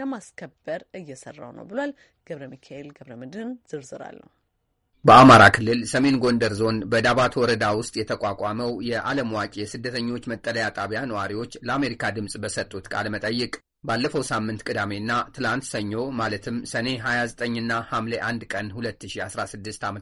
ለማስከበር ለማስከበር እየሰራው ነው ብሏል። ገብረ ሚካኤል ገብረ ምድህን ዝርዝር አለው። በአማራ ክልል ሰሜን ጎንደር ዞን በዳባት ወረዳ ውስጥ የተቋቋመው የዓለም ዋቂ የስደተኞች መጠለያ ጣቢያ ነዋሪዎች ለአሜሪካ ድምፅ በሰጡት ቃለ መጠይቅ ባለፈው ሳምንት ቅዳሜና ትላንት ሰኞ ማለትም ሰኔ 29ና ሐምሌ 1 ቀን 2016 ዓ ም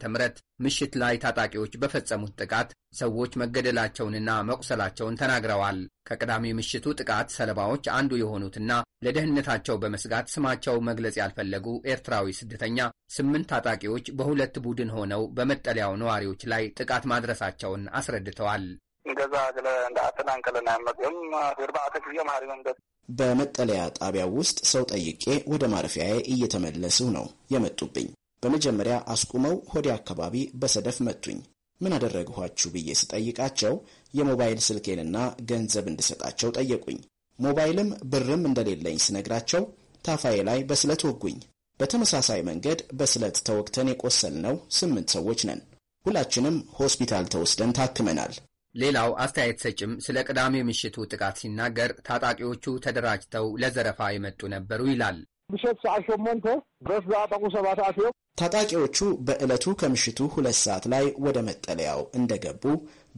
ምሽት ላይ ታጣቂዎች በፈጸሙት ጥቃት ሰዎች መገደላቸውንና መቁሰላቸውን ተናግረዋል። ከቅዳሜ ምሽቱ ጥቃት ሰለባዎች አንዱ የሆኑትና ለደህንነታቸው በመስጋት ስማቸው መግለጽ ያልፈለጉ ኤርትራዊ ስደተኛ ስምንት ታጣቂዎች በሁለት ቡድን ሆነው በመጠለያው ነዋሪዎች ላይ ጥቃት ማድረሳቸውን አስረድተዋል። ገዛ ገለ እንደ አተናንከለና መፅኦም ጊዜ ግዜ ማሪቦም በመጠለያ ጣቢያው ውስጥ ሰው ጠይቄ ወደ ማረፊያዬ እየተመለስሁ ነው የመጡብኝ። በመጀመሪያ አስቁመው ሆዴ አካባቢ በሰደፍ መቱኝ። ምን አደረግኋችሁ ብዬ ስጠይቃቸው የሞባይል ስልኬንና ገንዘብ እንድሰጣቸው ጠየቁኝ። ሞባይልም ብርም እንደሌለኝ ስነግራቸው ታፋዬ ላይ በስለት ወጉኝ። በተመሳሳይ መንገድ በስለት ተወግተን የቆሰልነው ስምንት ሰዎች ነን። ሁላችንም ሆስፒታል ተወስደን ታክመናል። ሌላው አስተያየት ሰጭም ስለ ቅዳሜ ምሽቱ ጥቃት ሲናገር ታጣቂዎቹ ተደራጅተው ለዘረፋ የመጡ ነበሩ ይላል። ምሽት ሰዓት ሸሞንተ ድረስ ዛጠቁ ሰባት አትዮ ታጣቂዎቹ በዕለቱ ከምሽቱ ሁለት ሰዓት ላይ ወደ መጠለያው እንደገቡ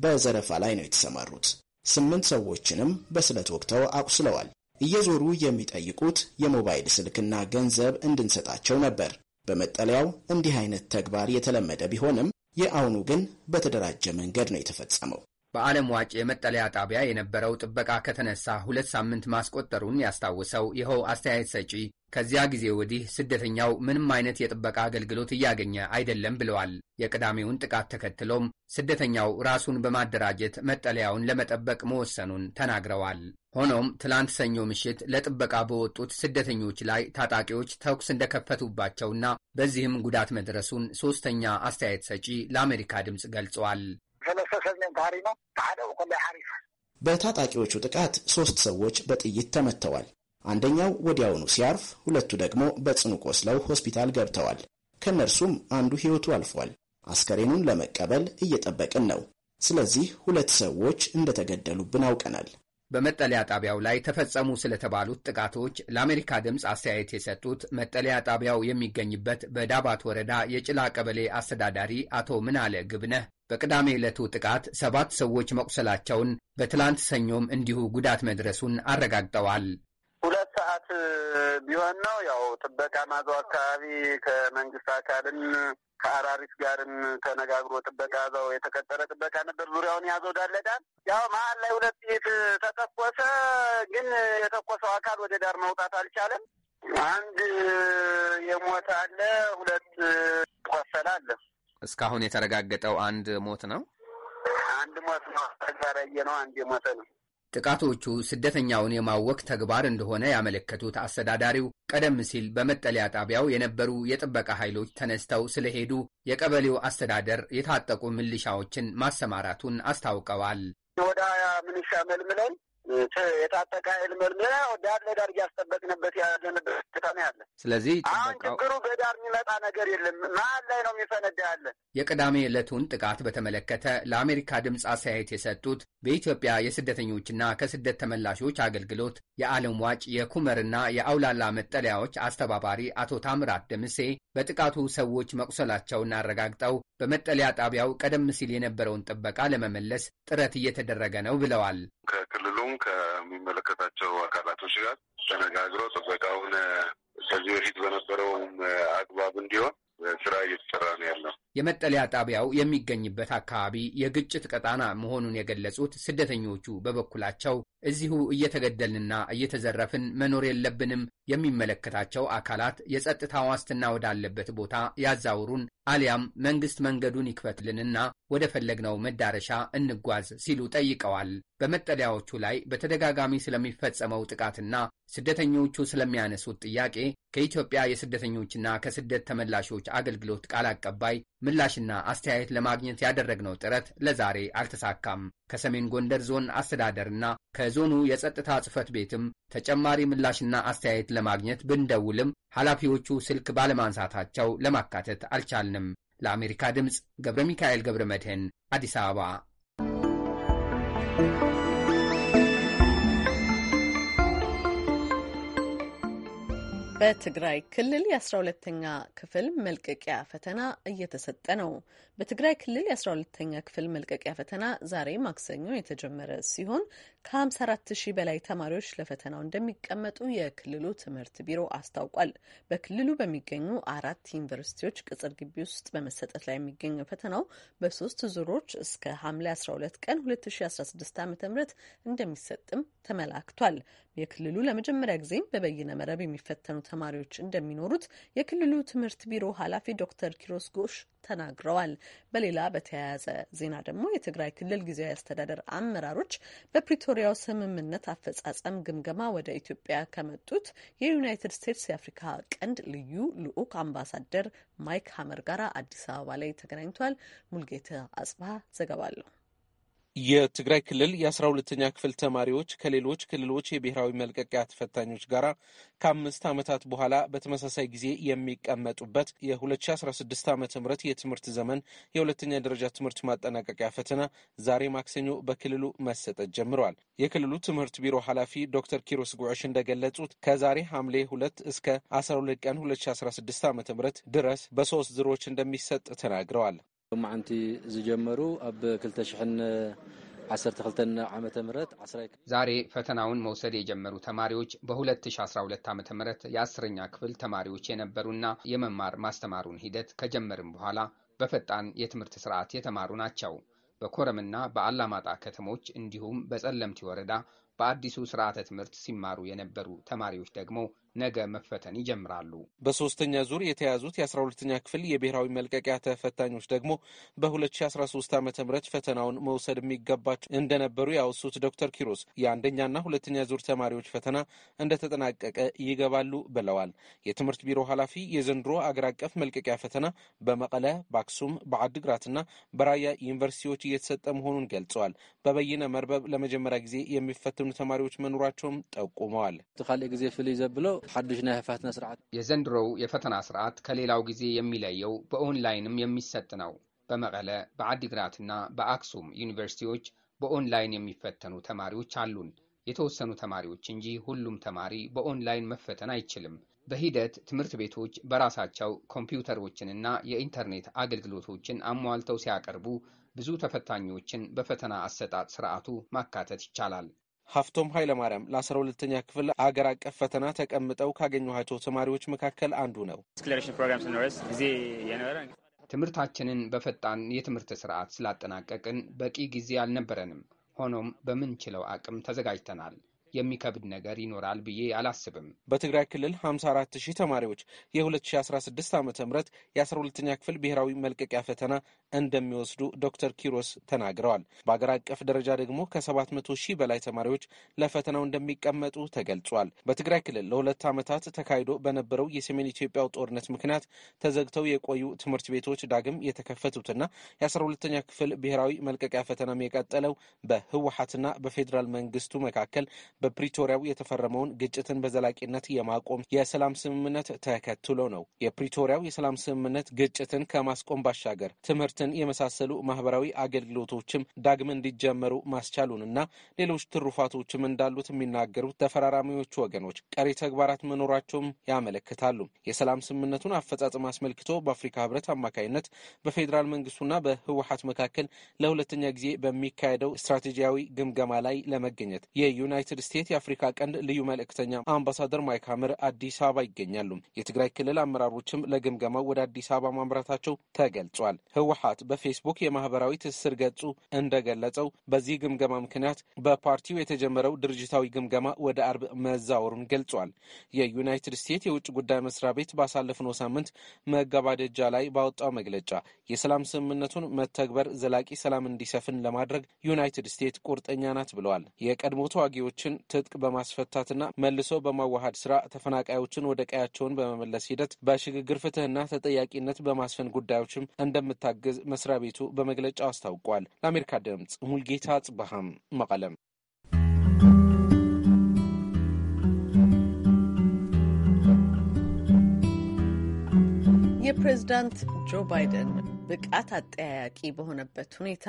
በዘረፋ ላይ ነው የተሰማሩት። ስምንት ሰዎችንም በስለት ወቅተው አቁስለዋል። እየዞሩ የሚጠይቁት የሞባይል ስልክና ገንዘብ እንድንሰጣቸው ነበር። በመጠለያው እንዲህ አይነት ተግባር የተለመደ ቢሆንም የአሁኑ ግን በተደራጀ መንገድ ነው የተፈጸመው። በዓለም ዋጭ የመጠለያ ጣቢያ የነበረው ጥበቃ ከተነሳ ሁለት ሳምንት ማስቆጠሩን ያስታውሰው ይኸው አስተያየት ሰጪ ከዚያ ጊዜ ወዲህ ስደተኛው ምንም አይነት የጥበቃ አገልግሎት እያገኘ አይደለም ብለዋል። የቅዳሜውን ጥቃት ተከትሎም ስደተኛው ራሱን በማደራጀት መጠለያውን ለመጠበቅ መወሰኑን ተናግረዋል። ሆኖም ትላንት ሰኞ ምሽት ለጥበቃ በወጡት ስደተኞች ላይ ታጣቂዎች ተኩስ እንደከፈቱባቸውና በዚህም ጉዳት መድረሱን ሦስተኛ አስተያየት ሰጪ ለአሜሪካ ድምፅ ገልጸዋል። በታጣቂዎቹ ጥቃት ሦስት ሰዎች በጥይት ተመትተዋል። አንደኛው ወዲያውኑ ሲያርፍ፣ ሁለቱ ደግሞ በጽኑ ቆስለው ሆስፒታል ገብተዋል። ከእነርሱም አንዱ ሕይወቱ አልፏል። አስከሬኑን ለመቀበል እየጠበቅን ነው። ስለዚህ ሁለት ሰዎች እንደተገደሉብን አውቀናል። በመጠለያ ጣቢያው ላይ ተፈጸሙ ስለተባሉት ጥቃቶች ለአሜሪካ ድምፅ አስተያየት የሰጡት መጠለያ ጣቢያው የሚገኝበት በዳባት ወረዳ የጭላ ቀበሌ አስተዳዳሪ አቶ ምናለ ግብነህ በቅዳሜ ዕለቱ ጥቃት ሰባት ሰዎች መቁሰላቸውን፣ በትላንት ሰኞም እንዲሁ ጉዳት መድረሱን አረጋግጠዋል። ሁለት ሰዓት ቢሆን ነው። ያው ጥበቃ ማዞ አካባቢ ከመንግስት አካልን ከአራሪስ ጋርም ተነጋግሮ ጥበቃ እዛው የተቀጠረ ጥበቃ ነበር። ዙሪያውን ያዘው ዳለዳል። ያው መሀል ላይ ሁለት ጥይት ተተኮሰ። ግን የተኮሰው አካል ወደ ዳር መውጣት አልቻለም። አንድ የሞተ አለ፣ ሁለት ቆሰለ አለ። እስካሁን የተረጋገጠው አንድ ሞት ነው። አንድ ሞት ነው። ተዛረየ ነው። አንድ የሞተ ነው። ጥቃቶቹ ስደተኛውን የማወክ ተግባር እንደሆነ ያመለከቱት አስተዳዳሪው ቀደም ሲል በመጠለያ ጣቢያው የነበሩ የጥበቃ ኃይሎች ተነስተው ስለሄዱ የቀበሌው አስተዳደር የታጠቁ ምልሻዎችን ማሰማራቱን አስታውቀዋል። ወደ ሀያ ምንሻ መልምለን የታጠቀ ኃይል መልምላ ዳር ለዳር እያስጠበቅንበት ያለንበት ሁኔታ ነው ያለ። ስለዚህ አሁን ችግሩ በዳር የሚመጣ ነገር የለም፣ መሀል ላይ ነው የሚፈነዳ ያለ። የቅዳሜ ዕለቱን ጥቃት በተመለከተ ለአሜሪካ ድምፅ አስተያየት የሰጡት በኢትዮጵያ የስደተኞችና ከስደት ተመላሾች አገልግሎት የዓለም ዋጭ የኩመርና የአውላላ መጠለያዎች አስተባባሪ አቶ ታምራት ደምሴ በጥቃቱ ሰዎች መቁሰላቸውን አረጋግጠው በመጠለያ ጣቢያው ቀደም ሲል የነበረውን ጥበቃ ለመመለስ ጥረት እየተደረገ ነው ብለዋል። ከክልሉም ከሚመለከታቸው አካላቶች ጋር ተነጋግሮ ጥበቃውን ከዚህ በፊት በነበረውም አግባብ እንዲሆን ስራ እየተሰራ ነው ያለው። የመጠለያ ጣቢያው የሚገኝበት አካባቢ የግጭት ቀጣና መሆኑን የገለጹት ስደተኞቹ በበኩላቸው እዚሁ እየተገደልንና እየተዘረፍን መኖር የለብንም የሚመለከታቸው አካላት የጸጥታ ዋስትና ወዳለበት ቦታ ያዛውሩን አሊያም መንግስት መንገዱን ይክፈትልንና ወደ ፈለግነው መዳረሻ እንጓዝ ሲሉ ጠይቀዋል። በመጠለያዎቹ ላይ በተደጋጋሚ ስለሚፈጸመው ጥቃትና ስደተኞቹ ስለሚያነሱት ጥያቄ ከኢትዮጵያ የስደተኞችና ከስደት ተመላሾች አገልግሎት ቃል አቀባይ ምላሽና አስተያየት ለማግኘት ያደረግነው ጥረት ለዛሬ አልተሳካም። ከሰሜን ጎንደር ዞን አስተዳደርና ከዞኑ የጸጥታ ጽህፈት ቤትም ተጨማሪ ምላሽና አስተያየት ለማግኘት ብንደውልም ኃላፊዎቹ ስልክ ባለማንሳታቸው ለማካተት አልቻልንም። ለአሜሪካ ድምፅ ገብረ ሚካኤል ገብረ መድህን አዲስ አበባ በትግራይ ክልል የ12ተኛ ክፍል መልቀቂያ ፈተና እየተሰጠ ነው። በትግራይ ክልል የ12ተኛ ክፍል መልቀቂያ ፈተና ዛሬ ማክሰኞ የተጀመረ ሲሆን ከ54 ሺህ በላይ ተማሪዎች ለፈተናው እንደሚቀመጡ የክልሉ ትምህርት ቢሮ አስታውቋል። በክልሉ በሚገኙ አራት ዩኒቨርሲቲዎች ቅጽር ግቢ ውስጥ በመሰጠት ላይ የሚገኘው ፈተናው በሶስት ዙሮች እስከ ሐምሌ 12 ቀን 2016 ዓ ም እንደሚሰጥም ተመላክቷል። የክልሉ ለመጀመሪያ ጊዜም በበይነ መረብ የሚፈተኑ ተማሪዎች እንደሚኖሩት የክልሉ ትምህርት ቢሮ ኃላፊ ዶክተር ኪሮስ ጎሽ ተናግረዋል። በሌላ በተያያዘ ዜና ደግሞ የትግራይ ክልል ጊዜያዊ አስተዳደር አመራሮች በፕሪቶሪያው ስምምነት አፈጻጸም ግምገማ ወደ ኢትዮጵያ ከመጡት የዩናይትድ ስቴትስ የአፍሪካ ቀንድ ልዩ ልዑክ አምባሳደር ማይክ ሀመር ጋር አዲስ አበባ ላይ ተገናኝቷል። ሙልጌታ አጽባ ዘገባ የትግራይ ክልል የአስራ ሁለተኛ ክፍል ተማሪዎች ከሌሎች ክልሎች የብሔራዊ መልቀቂያ ተፈታኞች ጋር ከአምስት ዓመታት በኋላ በተመሳሳይ ጊዜ የሚቀመጡበት የ2016 ዓ ም የትምህርት ዘመን የሁለተኛ ደረጃ ትምህርት ማጠናቀቂያ ፈተና ዛሬ ማክሰኞ በክልሉ መሰጠት ጀምረዋል። የክልሉ ትምህርት ቢሮ ኃላፊ ዶክተር ኪሮስ ጉዕሽ እንደገለጹት ከዛሬ ሐምሌ 2 እስከ 12 ቀን 2016 ዓ ም ድረስ በሶስት ዙሮች እንደሚሰጥ ተናግረዋል። ማዓንቲ ዝጀመሩ ኣብ 212 ዓ ም ዛሬ ፈተናውን መውሰድ የጀመሩ ተማሪዎች በ2012 ዓ ም የአስረኛ ክፍል ተማሪዎች የነበሩና የመማር ማስተማሩን ሂደት ከጀመርም በኋላ በፈጣን የትምህርት ስርዓት የተማሩ ናቸው። በኮረምና በአላማጣ ከተሞች እንዲሁም በጸለምቲ ወረዳ በአዲሱ ስርዓተ ትምህርት ሲማሩ የነበሩ ተማሪዎች ደግሞ ነገ መፈተን ይጀምራሉ። በሶስተኛ ዙር የተያዙት የ12ኛ ክፍል የብሔራዊ መልቀቂያ ተፈታኞች ደግሞ በ2013 ዓ ም ፈተናውን መውሰድ የሚገባቸው እንደነበሩ ያወሱት ዶክተር ኪሮስ የአንደኛና ሁለተኛ ዙር ተማሪዎች ፈተና እንደተጠናቀቀ ይገባሉ ብለዋል። የትምህርት ቢሮ ኃላፊ የዘንድሮ አገር አቀፍ መልቀቂያ ፈተና በመቀለ፣ በአክሱም፣ በአድግራትና በራያ ዩኒቨርሲቲዎች እየተሰጠ መሆኑን ገልጸዋል። በበይነ መርበብ ለመጀመሪያ ጊዜ የሚፈትኑ ተማሪዎች መኖራቸውም ጠቁመዋል። ካልእ ጊዜ ፍልይ ዘብለው ናይ ህፋትና ስርዓት የዘንድሮው የፈተና ስርዓት ከሌላው ጊዜ የሚለየው በኦንላይንም የሚሰጥ ነው። በመቀለ በአዲግራትና በአክሱም ዩኒቨርሲቲዎች በኦንላይን የሚፈተኑ ተማሪዎች አሉን። የተወሰኑ ተማሪዎች እንጂ ሁሉም ተማሪ በኦንላይን መፈተን አይችልም። በሂደት ትምህርት ቤቶች በራሳቸው ኮምፒውተሮችንና የኢንተርኔት አገልግሎቶችን አሟልተው ሲያቀርቡ ብዙ ተፈታኞችን በፈተና አሰጣጥ ስርዓቱ ማካተት ይቻላል። ሀፍቶም ኃይለማርያም ለአስራ ሁለተኛ ክፍል አገር አቀፍ ፈተና ተቀምጠው ካገኘኋቸው ተማሪዎች መካከል አንዱ ነው። ትምህርታችንን በፈጣን የትምህርት ስርዓት ስላጠናቀቅን በቂ ጊዜ አልነበረንም። ሆኖም በምንችለው አቅም ተዘጋጅተናል። የሚከብድ ነገር ይኖራል ብዬ አላስብም። በትግራይ ክልል 54 ሺህ ተማሪዎች የ2016 ዓ ም የ12ኛ ክፍል ብሔራዊ መልቀቂያ ፈተና እንደሚወስዱ ዶክተር ኪሮስ ተናግረዋል። በአገር አቀፍ ደረጃ ደግሞ ከ700 ሺህ በላይ ተማሪዎች ለፈተናው እንደሚቀመጡ ተገልጿል። በትግራይ ክልል ለሁለት ዓመታት ተካሂዶ በነበረው የሰሜን ኢትዮጵያው ጦርነት ምክንያት ተዘግተው የቆዩ ትምህርት ቤቶች ዳግም የተከፈቱትና የ12ኛ ክፍል ብሔራዊ መልቀቂያ ፈተናም የቀጠለው በህወሀትና በፌዴራል መንግስቱ መካከል በፕሪቶሪያው የተፈረመውን ግጭትን በዘላቂነት የማቆም የሰላም ስምምነት ተከትሎ ነው። የፕሪቶሪያው የሰላም ስምምነት ግጭትን ከማስቆም ባሻገር ትምህርትን የመሳሰሉ ማህበራዊ አገልግሎቶችም ዳግም እንዲጀመሩ ማስቻሉንና ሌሎች ትሩፋቶችም እንዳሉት የሚናገሩት ተፈራራሚዎቹ ወገኖች ቀሪ ተግባራት መኖራቸውም ያመለክታሉ። የሰላም ስምምነቱን አፈጻጸም አስመልክቶ በአፍሪካ ህብረት አማካኝነት በፌዴራል መንግስቱና በህወሀት መካከል ለሁለተኛ ጊዜ በሚካሄደው ስትራቴጂያዊ ግምገማ ላይ ለመገኘት የዩናይትድ ስቴት የአፍሪካ ቀንድ ልዩ መልእክተኛ አምባሳደር ማይክ ሀመር አዲስ አበባ ይገኛሉ። የትግራይ ክልል አመራሮችም ለግምገማው ወደ አዲስ አበባ ማምራታቸው ተገልጿል። ህወሀት በፌስቡክ የማህበራዊ ትስስር ገጹ እንደገለጸው በዚህ ግምገማ ምክንያት በፓርቲው የተጀመረው ድርጅታዊ ግምገማ ወደ አርብ መዛወሩን ገልጿል። የዩናይትድ ስቴትስ የውጭ ጉዳይ መስሪያ ቤት ባሳለፍነው ሳምንት መገባደጃ ላይ ባወጣው መግለጫ የሰላም ስምምነቱን መተግበር ዘላቂ ሰላም እንዲሰፍን ለማድረግ ዩናይትድ ስቴትስ ቁርጠኛ ናት ብለዋል። የቀድሞ ተዋጊዎችን ትጥቅ በማስፈታትና መልሶ በማዋሃድ ስራ ተፈናቃዮችን ወደ ቀያቸውን በመመለስ ሂደት በሽግግር ፍትህና ተጠያቂነት በማስፈን ጉዳዮችም እንደምታግዝ መስሪያ ቤቱ በመግለጫው አስታውቋል። ለአሜሪካ ድምጽ ሙልጌታ ጽባሃም መቀለም። የፕሬዝዳንት ጆ ባይደን ብቃት አጠያያቂ በሆነበት ሁኔታ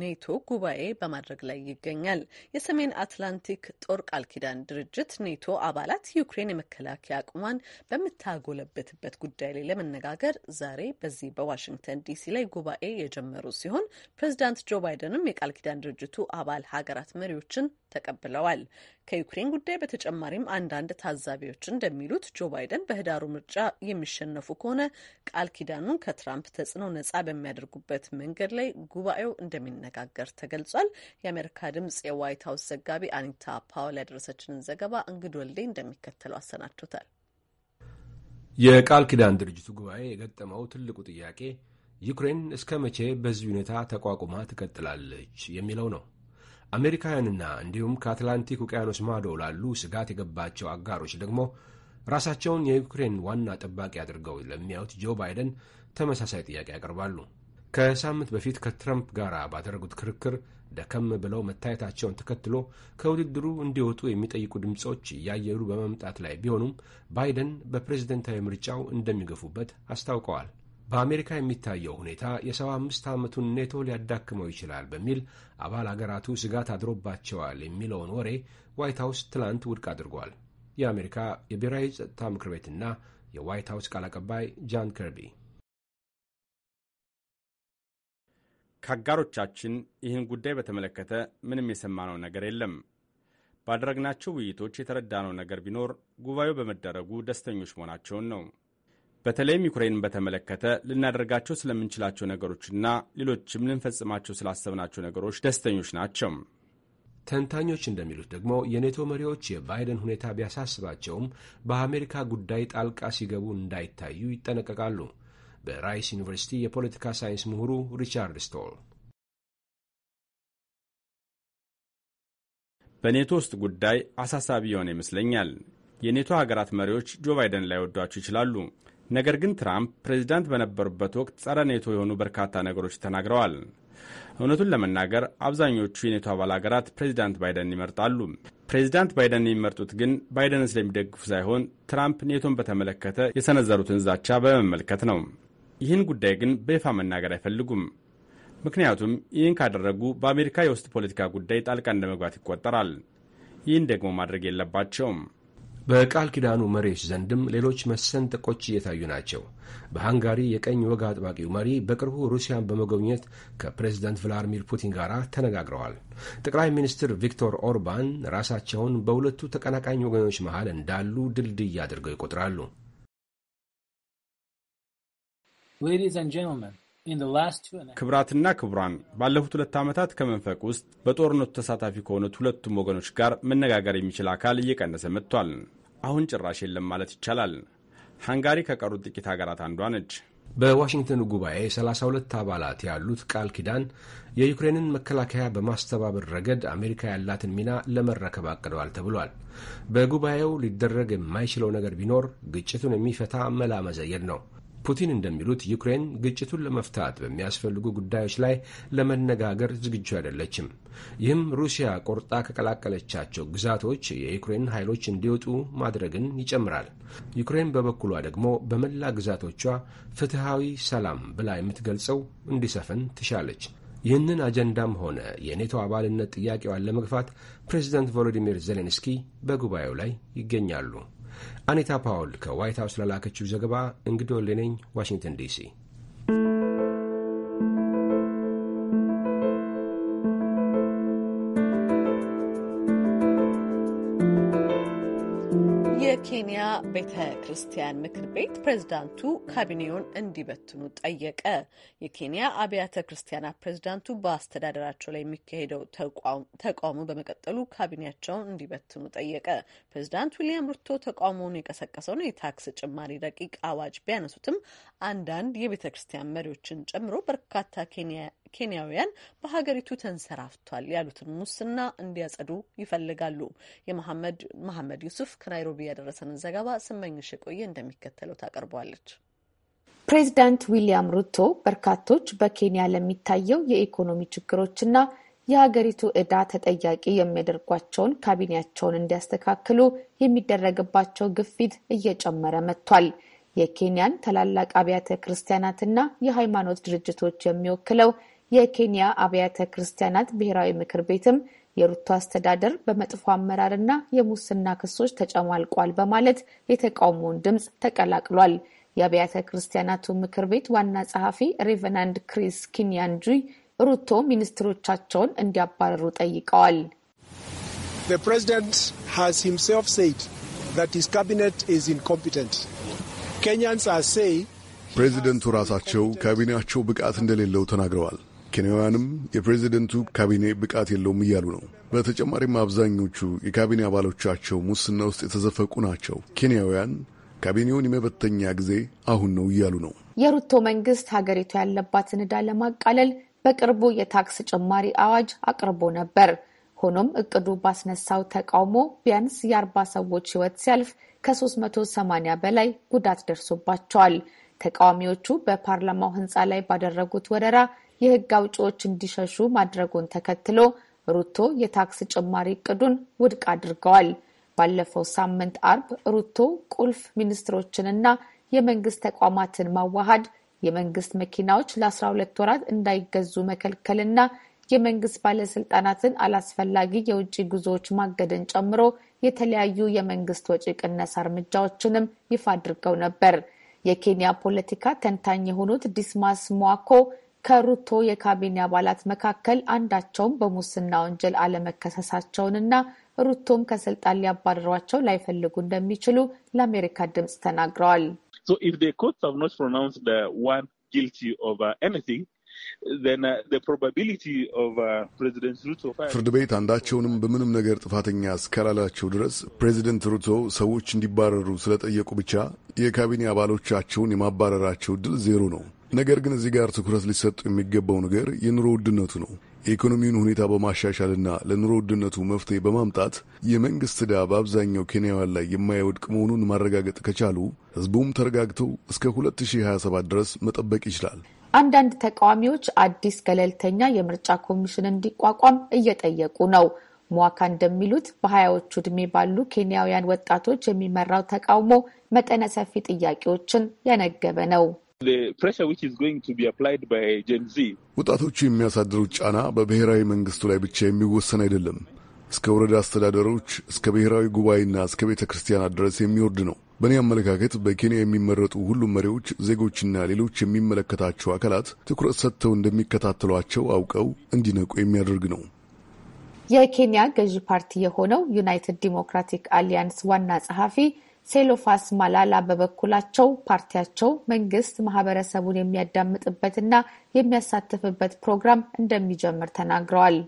ኔቶ ጉባኤ በማድረግ ላይ ይገኛል። የሰሜን አትላንቲክ ጦር ቃል ኪዳን ድርጅት ኔቶ አባላት ዩክሬን የመከላከያ አቅሟን በምታጎለበትበት ጉዳይ ላይ ለመነጋገር ዛሬ በዚህ በዋሽንግተን ዲሲ ላይ ጉባኤ የጀመሩ ሲሆን ፕሬዚዳንት ጆ ባይደንም የቃል ኪዳን ድርጅቱ አባል ሀገራት መሪዎችን ተቀብለዋል። ከዩክሬን ጉዳይ በተጨማሪም አንዳንድ ታዛቢዎች እንደሚሉት ጆ ባይደን በህዳሩ ምርጫ የሚሸነፉ ከሆነ ቃል ኪዳኑን ከትራምፕ ተጽዕኖ ነጻ በሚያደርጉበት መንገድ ላይ ጉባኤው እንደሚነጋገር ተገልጿል። የአሜሪካ ድምጽ የዋይት ሀውስ ዘጋቢ አኒታ ፓውል ያደረሰችንን ዘገባ እንግድ ወልዴ እንደሚከተለው አሰናድቶታል። የቃል ኪዳን ድርጅቱ ጉባኤ የገጠመው ትልቁ ጥያቄ ዩክሬን እስከ መቼ በዚህ ሁኔታ ተቋቁማ ትቀጥላለች የሚለው ነው። አሜሪካውያንና እንዲሁም ከአትላንቲክ ውቅያኖስ ማዶ ላሉ ስጋት የገባቸው አጋሮች ደግሞ ራሳቸውን የዩክሬን ዋና ጠባቂ አድርገው ለሚያዩት ጆ ባይደን ተመሳሳይ ጥያቄ ያቀርባሉ። ከሳምንት በፊት ከትረምፕ ጋር ባደረጉት ክርክር ደከም ብለው መታየታቸውን ተከትሎ ከውድድሩ እንዲወጡ የሚጠይቁ ድምፆች እያየሉ በመምጣት ላይ ቢሆኑም ባይደን በፕሬዝደንታዊ ምርጫው እንደሚገፉበት አስታውቀዋል። በአሜሪካ የሚታየው ሁኔታ የ75 ዓመቱን ኔቶ ሊያዳክመው ይችላል በሚል አባል አገራቱ ስጋት አድሮባቸዋል የሚለውን ወሬ ዋይት ሀውስ ትላንት ውድቅ አድርጓል። የአሜሪካ የብሔራዊ ጸጥታ ምክር ቤትና የዋይት ሀውስ ቃል አቀባይ ጃን ከርቢ ከአጋሮቻችን ይህን ጉዳይ በተመለከተ ምንም የሰማነው ነገር የለም። ባደረግናቸው ውይይቶች የተረዳነው ነገር ቢኖር ጉባኤው በመደረጉ ደስተኞች መሆናቸውን ነው። በተለይም ዩክሬንን በተመለከተ ልናደርጋቸው ስለምንችላቸው ነገሮችና ሌሎችም ልንፈጽማቸው ስላሰብናቸው ነገሮች ደስተኞች ናቸው። ተንታኞች እንደሚሉት ደግሞ የኔቶ መሪዎች የባይደን ሁኔታ ቢያሳስባቸውም በአሜሪካ ጉዳይ ጣልቃ ሲገቡ እንዳይታዩ ይጠነቀቃሉ። በራይስ ዩኒቨርሲቲ የፖለቲካ ሳይንስ ምሁሩ ሪቻርድ ስቶል በኔቶ ውስጥ ጉዳይ አሳሳቢ የሆነ ይመስለኛል። የኔቶ ሀገራት መሪዎች ጆ ባይደን ላይወዷቸው ይችላሉ። ነገር ግን ትራምፕ ፕሬዚዳንት በነበሩበት ወቅት ጸረ ኔቶ የሆኑ በርካታ ነገሮች ተናግረዋል። እውነቱን ለመናገር አብዛኞቹ የኔቶ አባል ሀገራት ፕሬዚዳንት ባይደን ይመርጣሉ። ፕሬዚዳንት ባይደን የሚመርጡት ግን ባይደንን ስለሚደግፉ ሳይሆን ትራምፕ ኔቶን በተመለከተ የሰነዘሩትን ዛቻ በመመልከት ነው። ይህን ጉዳይ ግን በይፋ መናገር አይፈልጉም። ምክንያቱም ይህን ካደረጉ በአሜሪካ የውስጥ ፖለቲካ ጉዳይ ጣልቃ እንደመግባት ይቆጠራል። ይህን ደግሞ ማድረግ የለባቸውም። በቃል ኪዳኑ መሪዎች ዘንድም ሌሎች መሰንጠቆች እየታዩ ናቸው። በሃንጋሪ የቀኝ ወግ አጥባቂው መሪ በቅርቡ ሩሲያን በመጎብኘት ከፕሬዚዳንት ቭላዲሚር ፑቲን ጋር ተነጋግረዋል። ጠቅላይ ሚኒስትር ቪክቶር ኦርባን ራሳቸውን በሁለቱ ተቀናቃኝ ወገኖች መሃል እንዳሉ ድልድይ አድርገው ይቆጥራሉ። ክብራትና ክቡራን ባለፉት ሁለት ዓመታት ከመንፈቅ ውስጥ በጦርነቱ ተሳታፊ ከሆኑት ሁለቱም ወገኖች ጋር መነጋገር የሚችል አካል እየቀነሰ መጥቷል። አሁን ጭራሽ የለም ማለት ይቻላል። ሃንጋሪ ከቀሩት ጥቂት ሀገራት አንዷ ነች። በዋሽንግተኑ ጉባኤ 32 አባላት ያሉት ቃል ኪዳን የዩክሬንን መከላከያ በማስተባበር ረገድ አሜሪካ ያላትን ሚና ለመረከብ አቅደዋል ተብሏል። በጉባኤው ሊደረግ የማይችለው ነገር ቢኖር ግጭቱን የሚፈታ መላ መዘየድ ነው። ፑቲን እንደሚሉት ዩክሬን ግጭቱን ለመፍታት በሚያስፈልጉ ጉዳዮች ላይ ለመነጋገር ዝግጁ አይደለችም። ይህም ሩሲያ ቆርጣ ከቀላቀለቻቸው ግዛቶች የዩክሬን ኃይሎች እንዲወጡ ማድረግን ይጨምራል። ዩክሬን በበኩሏ ደግሞ በመላ ግዛቶቿ ፍትሐዊ ሰላም ብላ የምትገልጸው እንዲሰፍን ትሻለች። ይህንን አጀንዳም ሆነ የኔቶ አባልነት ጥያቄዋን ለመግፋት ፕሬዚደንት ቮሎዲሚር ዜሌንስኪ በጉባኤው ላይ ይገኛሉ። አኒታ ፓውል ከዋይት ሀውስ ለላከችው ዘገባ እንግዶ ሌነኝ ዋሽንግተን ዲሲ ቤተ ክርስቲያን ምክር ቤት ፕሬዝዳንቱ ካቢኔውን እንዲበትኑ ጠየቀ። የኬንያ አብያተ ክርስቲያናት ፕሬዝዳንቱ በአስተዳደራቸው ላይ የሚካሄደው ተቃውሞ በመቀጠሉ ካቢኔያቸውን እንዲበትኑ ጠየቀ። ፕሬዝዳንት ዊሊያም ሩቶ ተቃውሞውን የቀሰቀሰውን የታክስ ጭማሪ ረቂቅ አዋጅ ቢያነሱትም አንዳንድ የቤተ ክርስቲያን መሪዎችን ጨምሮ በርካታ ኬንያ ኬንያውያን በሀገሪቱ ተንሰራፍቷል ያሉትን ሙስና እንዲያጸዱ ይፈልጋሉ። የመሐመድ መሐመድ ዩሱፍ ከናይሮቢ ያደረሰንን ዘገባ ስመኝሽ የቆየ እንደሚከተለው ታቀርቧለች። ፕሬዚዳንት ዊሊያም ሩቶ በርካቶች በኬንያ ለሚታየው የኢኮኖሚ ችግሮችና የሀገሪቱ ዕዳ ተጠያቂ የሚያደርጓቸውን ካቢኔያቸውን እንዲያስተካክሉ የሚደረግባቸው ግፊት እየጨመረ መጥቷል። የኬንያን ታላላቅ አብያተ ክርስቲያናትና የሃይማኖት ድርጅቶች የሚወክለው የኬንያ አብያተ ክርስቲያናት ብሔራዊ ምክር ቤትም የሩቶ አስተዳደር በመጥፎ አመራርና የሙስና ክሶች ተጨማልቋል በማለት የተቃውሞውን ድምፅ ተቀላቅሏል። የአብያተ ክርስቲያናቱ ምክር ቤት ዋና ጸሐፊ ሬቨናንድ ክሪስ ኪንያንጁይ ሩቶ ሚኒስትሮቻቸውን እንዲያባረሩ ጠይቀዋል። ፕሬዚደንቱ ራሳቸው ካቢኔያቸው ብቃት እንደሌለው ተናግረዋል። ኬንያውያንም የፕሬዚደንቱ ካቢኔ ብቃት የለውም እያሉ ነው። በተጨማሪም አብዛኞቹ የካቢኔ አባሎቻቸው ሙስና ውስጥ የተዘፈቁ ናቸው። ኬንያውያን ካቢኔውን የመበተኛ ጊዜ አሁን ነው እያሉ ነው። የሩቶ መንግስት ሀገሪቱ ያለባትን ዕዳ ለማቃለል በቅርቡ የታክስ ጭማሪ አዋጅ አቅርቦ ነበር። ሆኖም እቅዱ ባስነሳው ተቃውሞ ቢያንስ የአርባ ሰዎች ሕይወት ሲያልፍ ከ380 በላይ ጉዳት ደርሶባቸዋል። ተቃዋሚዎቹ በፓርላማው ሕንፃ ላይ ባደረጉት ወረራ የህግ አውጪዎች እንዲሸሹ ማድረጉን ተከትሎ ሩቶ የታክስ ጭማሪ እቅዱን ውድቅ አድርገዋል። ባለፈው ሳምንት አርብ ሩቶ ቁልፍ ሚኒስትሮችንና የመንግስት ተቋማትን ማዋሃድ፣ የመንግስት መኪናዎች ለ12 ወራት እንዳይገዙ መከልከልና የመንግስት ባለስልጣናትን አላስፈላጊ የውጭ ጉዞዎች ማገድን ጨምሮ የተለያዩ የመንግስት ወጪ ቅነሳ እርምጃዎችንም ይፋ አድርገው ነበር። የኬንያ ፖለቲካ ተንታኝ የሆኑት ዲስማስ ሞዋኮ ከሩቶ የካቢኔ አባላት መካከል አንዳቸውም በሙስና ወንጀል አለመከሰሳቸውንና ሩቶም ከስልጣን ሊያባረሯቸው ላይፈልጉ እንደሚችሉ ለአሜሪካ ድምፅ ተናግረዋል። uh, uh, ፍርድ ቤት አንዳቸውንም በምንም ነገር ጥፋተኛ እስካላላቸው ድረስ ፕሬዚደንት ሩቶ ሰዎች እንዲባረሩ ስለጠየቁ ብቻ የካቢኔ አባሎቻቸውን የማባረራቸው ድል ዜሮ ነው። ነገር ግን እዚህ ጋር ትኩረት ሊሰጡ የሚገባው ነገር የኑሮ ውድነቱ ነው። የኢኮኖሚውን ሁኔታ በማሻሻልና ለኑሮ ውድነቱ መፍትሄ በማምጣት የመንግስት ዕዳ በአብዛኛው ኬንያውያን ላይ የማይወድቅ መሆኑን ማረጋገጥ ከቻሉ ህዝቡም ተረጋግተው እስከ 2027 ድረስ መጠበቅ ይችላል። አንዳንድ ተቃዋሚዎች አዲስ ገለልተኛ የምርጫ ኮሚሽን እንዲቋቋም እየጠየቁ ነው። ሟካ እንደሚሉት በሀያዎቹ ዕድሜ ባሉ ኬንያውያን ወጣቶች የሚመራው ተቃውሞ መጠነ ሰፊ ጥያቄዎችን ያነገበ ነው። ወጣቶቹ የሚያሳድሩት ጫና በብሔራዊ መንግስቱ ላይ ብቻ የሚወሰን አይደለም። እስከ ወረዳ አስተዳደሮች፣ እስከ ብሔራዊ ጉባኤና እስከ ቤተ ክርስቲያናት ድረስ የሚወርድ ነው። በእኔ አመለካከት በኬንያ የሚመረጡ ሁሉም መሪዎች፣ ዜጎችና ሌሎች የሚመለከታቸው አካላት ትኩረት ሰጥተው እንደሚከታተሏቸው አውቀው እንዲነቁ የሚያደርግ ነው። የኬንያ ገዢ ፓርቲ የሆነው ዩናይትድ ዲሞክራቲክ አሊያንስ ዋና ጸሐፊ ሴሎፋስ ማላላ በበኩላቸው ፓርቲያቸው መንግስት ማህበረሰቡን የሚያዳምጥበትና የሚያሳትፍበት ፕሮግራም እንደሚጀምር ተናግረዋል።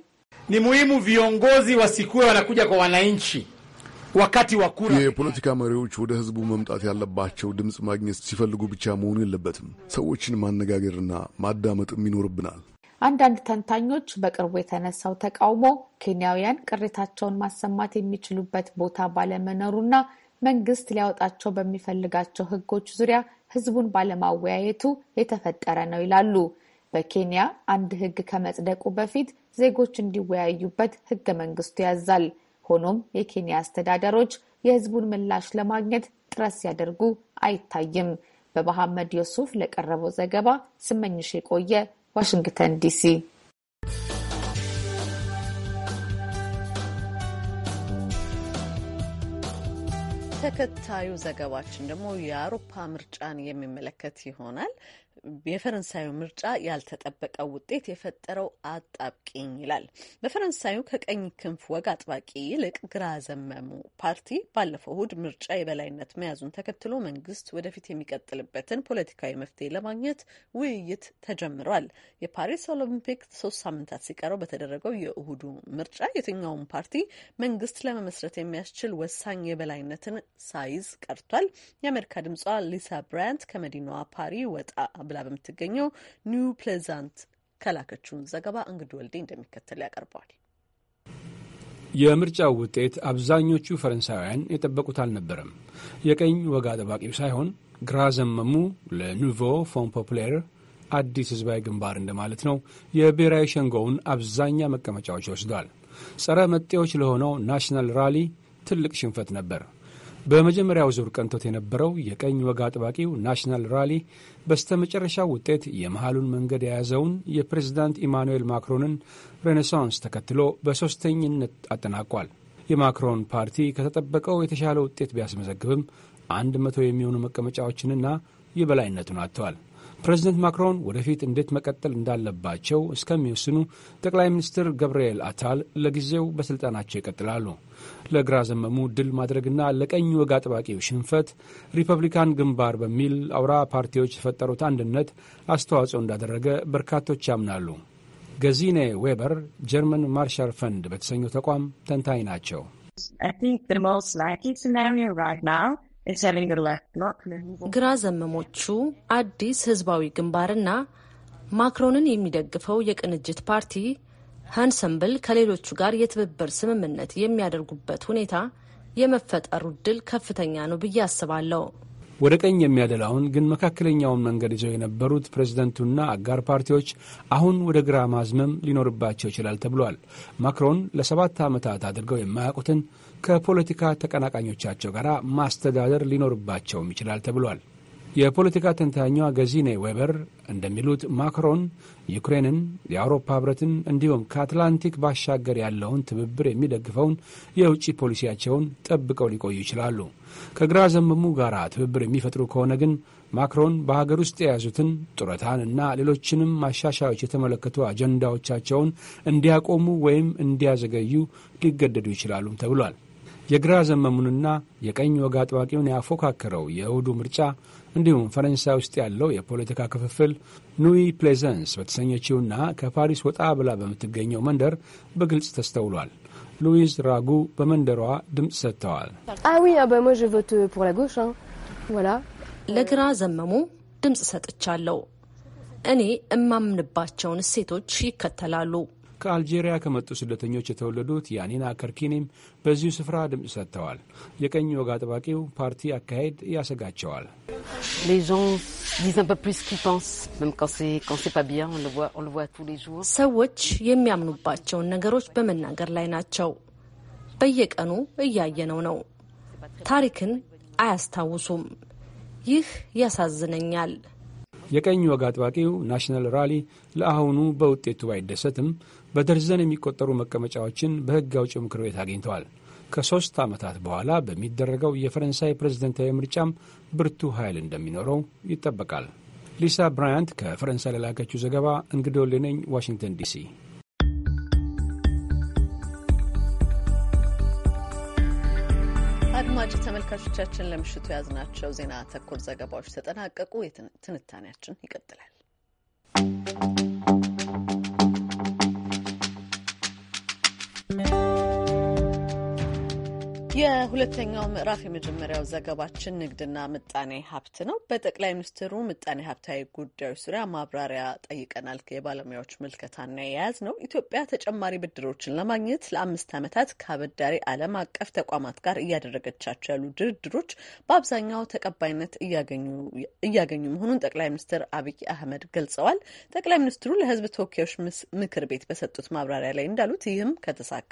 ni muhimu viongozi wasikuwe wanakuja kwa wananchi wakati wa kura የፖለቲካ መሪዎች ወደ ህዝቡ መምጣት ያለባቸው ድምፅ ማግኘት ሲፈልጉ ብቻ መሆኑ የለበትም። ሰዎችን ማነጋገርና ማዳመጥም ይኖርብናል። አንዳንድ ተንታኞች በቅርቡ የተነሳው ተቃውሞ ኬንያውያን ቅሬታቸውን ማሰማት የሚችሉበት ቦታ ባለመኖሩና መንግስት ሊያወጣቸው በሚፈልጋቸው ህጎች ዙሪያ ህዝቡን ባለማወያየቱ የተፈጠረ ነው ይላሉ። በኬንያ አንድ ህግ ከመጽደቁ በፊት ዜጎች እንዲወያዩበት ህገ መንግስቱ ያዛል። ሆኖም የኬንያ አስተዳደሮች የህዝቡን ምላሽ ለማግኘት ጥረት ሲያደርጉ አይታይም። በመሐመድ ዮሱፍ ለቀረበው ዘገባ ስመኝሽ የቆየ ዋሽንግተን ዲሲ ተከታዩ ዘገባችን ደግሞ የአውሮፓ ምርጫን የሚመለከት ይሆናል። የፈረንሳዩ ምርጫ ያልተጠበቀ ውጤት የፈጠረው አጣብቂኝ ይላል። በፈረንሳዩ ከቀኝ ክንፍ ወግ አጥባቂ ይልቅ ግራ ዘመሙ ፓርቲ ባለፈው እሁድ ምርጫ የበላይነት መያዙን ተከትሎ መንግስት ወደፊት የሚቀጥልበትን ፖለቲካዊ መፍትሄ ለማግኘት ውይይት ተጀምሯል። የፓሪስ ኦሎምፒክ ሶስት ሳምንታት ሲቀረው በተደረገው የእሁዱ ምርጫ የትኛውም ፓርቲ መንግስት ለመመስረት የሚያስችል ወሳኝ የበላይነትን ሳይዝ ቀርቷል። የአሜሪካ ድምጿ ሊሳ ብራያንት ከመዲናዋ ፓሪ ወጣ ብላ በምትገኘው ኒው ፕሌዛንት ከላከችውን ዘገባ እንግድ ወልዴ እንደሚከተል ያቀርበዋል። የምርጫው ውጤት አብዛኞቹ ፈረንሳውያን የጠበቁት አልነበረም። የቀኝ ወጋ ጠባቂው ሳይሆን ግራ ዘመሙ ለኑቮ ፎን ፖፕሌር አዲስ ህዝባዊ ግንባር እንደማለት ነው። የብሔራዊ ሸንጎውን አብዛኛ መቀመጫዎች ወስዷል። ጸረ መጤዎች ለሆነው ናሽናል ራሊ ትልቅ ሽንፈት ነበር። በመጀመሪያው ዙር ቀንቶት የነበረው የቀኝ ወግ አጥባቂው ናሽናል ራሊ በስተመጨረሻው ውጤት የመሃሉን መንገድ የያዘውን የፕሬዝዳንት ኢማኑኤል ማክሮንን ሬኔሳንስ ተከትሎ በሦስተኝነት አጠናቋል። የማክሮን ፓርቲ ከተጠበቀው የተሻለ ውጤት ቢያስመዘግብም አንድ መቶ የሚሆኑ መቀመጫዎችንና የበላይነቱን አጥተዋል። ፕሬዚደንት ማክሮን ወደፊት እንዴት መቀጠል እንዳለባቸው እስከሚወስኑ ጠቅላይ ሚኒስትር ገብርኤል አታል ለጊዜው በሥልጣናቸው ይቀጥላሉ። ለግራ ዘመሙ ድል ማድረግና ለቀኝ ወግ አጥባቂው ሽንፈት ሪፐብሊካን ግንባር በሚል አውራ ፓርቲዎች የፈጠሩት አንድነት አስተዋጽኦ እንዳደረገ በርካቶች ያምናሉ። ገዚኔ ዌበር ጀርመን ማርሻል ፈንድ በተሰኘው ተቋም ተንታኝ ናቸው። ግራ ዘመሞቹ አዲስ ህዝባዊ ግንባርና ማክሮንን የሚደግፈው የቅንጅት ፓርቲ ሀንሰንብል ከሌሎቹ ጋር የትብብር ስምምነት የሚያደርጉበት ሁኔታ የመፈጠሩ እድል ከፍተኛ ነው ብዬ አስባለሁ። ወደ ቀኝ የሚያደላውን ግን መካከለኛውን መንገድ ይዘው የነበሩት ፕሬዝደንቱና አጋር ፓርቲዎች አሁን ወደ ግራ ማዝመም ሊኖርባቸው ይችላል ተብሏል። ማክሮን ለሰባት ዓመታት አድርገው የማያውቁትን ከፖለቲካ ተቀናቃኞቻቸው ጋር ማስተዳደር ሊኖርባቸውም ይችላል ተብሏል። የፖለቲካ ተንታኟ ገዚኔ ዌበር እንደሚሉት ማክሮን ዩክሬንን፣ የአውሮፓ ህብረትን እንዲሁም ከአትላንቲክ ባሻገር ያለውን ትብብር የሚደግፈውን የውጭ ፖሊሲያቸውን ጠብቀው ሊቆዩ ይችላሉ። ከግራ ዘመሙ ጋር ትብብር የሚፈጥሩ ከሆነ ግን ማክሮን በሀገር ውስጥ የያዙትን ጡረታን እና ሌሎችንም ማሻሻዮች የተመለከቱ አጀንዳዎቻቸውን እንዲያቆሙ ወይም እንዲያዘገዩ ሊገደዱ ይችላሉም ተብሏል። የግራ ዘመሙንና የቀኝ ወግ አጥባቂውን ያፎካከረው የእሁዱ ምርጫ እንዲሁም ፈረንሳይ ውስጥ ያለው የፖለቲካ ክፍፍል ኑዊ ፕሌዘንስ በተሰኘችውና ከፓሪስ ወጣ ብላ በምትገኘው መንደር በግልጽ ተስተውሏል። ሉዊዝ ራጉ በመንደሯ ድምፅ ሰጥተዋል። ah ah ለግራ ዘመሙ ድምፅ ሰጥቻለሁ። እኔ እማምንባቸውን እሴቶች ይከተላሉ። ከአልጄሪያ ከመጡ ስደተኞች የተወለዱት ያኒና ከርኪኒም በዚሁ ስፍራ ድምፅ ሰጥተዋል። የቀኝ ወግ አጥባቂው ፓርቲ አካሄድ ያሰጋቸዋል። ሰዎች የሚያምኑባቸውን ነገሮች በመናገር ላይ ናቸው። በየቀኑ እያየነው ነው። ታሪክን አያስታውሱም። ይህ ያሳዝነኛል። የቀኝ ወግ አጥባቂው ናሽናል ራሊ ለአሁኑ በውጤቱ ባይደሰትም በደርዘን የሚቆጠሩ መቀመጫዎችን በሕግ አውጭ ምክር ቤት አግኝተዋል። ከሦስት ዓመታት በኋላ በሚደረገው የፈረንሳይ ፕሬዝደንታዊ ምርጫም ብርቱ ኃይል እንደሚኖረው ይጠበቃል። ሊሳ ብራያንት ከፈረንሳይ ለላከችው ዘገባ እንግዶል ሌነኝ ዋሽንግተን ዲሲ። አድማጭ ተመልካቾቻችን ለምሽቱ የያዝናቸው ዜና ተኮር ዘገባዎች ተጠናቀቁ። ትንታኔያችን ይቀጥላል። የሁለተኛው ምዕራፍ የመጀመሪያው ዘገባችን ንግድና ምጣኔ ሀብት ነው። በጠቅላይ ሚኒስትሩ ምጣኔ ሀብታዊ ጉዳዮች ዙሪያ ማብራሪያ ጠይቀናል። የባለሙያዎች ምልከታና የያዝ ነው። ኢትዮጵያ ተጨማሪ ብድሮችን ለማግኘት ለአምስት ዓመታት ከአበዳሪ ዓለም አቀፍ ተቋማት ጋር እያደረገቻቸው ያሉ ድርድሮች በአብዛኛው ተቀባይነት እያገኙ መሆኑን ጠቅላይ ሚኒስትር አብይ አህመድ ገልጸዋል። ጠቅላይ ሚኒስትሩ ለሕዝብ ተወካዮች ምክር ቤት በሰጡት ማብራሪያ ላይ እንዳሉት ይህም ከተሳካ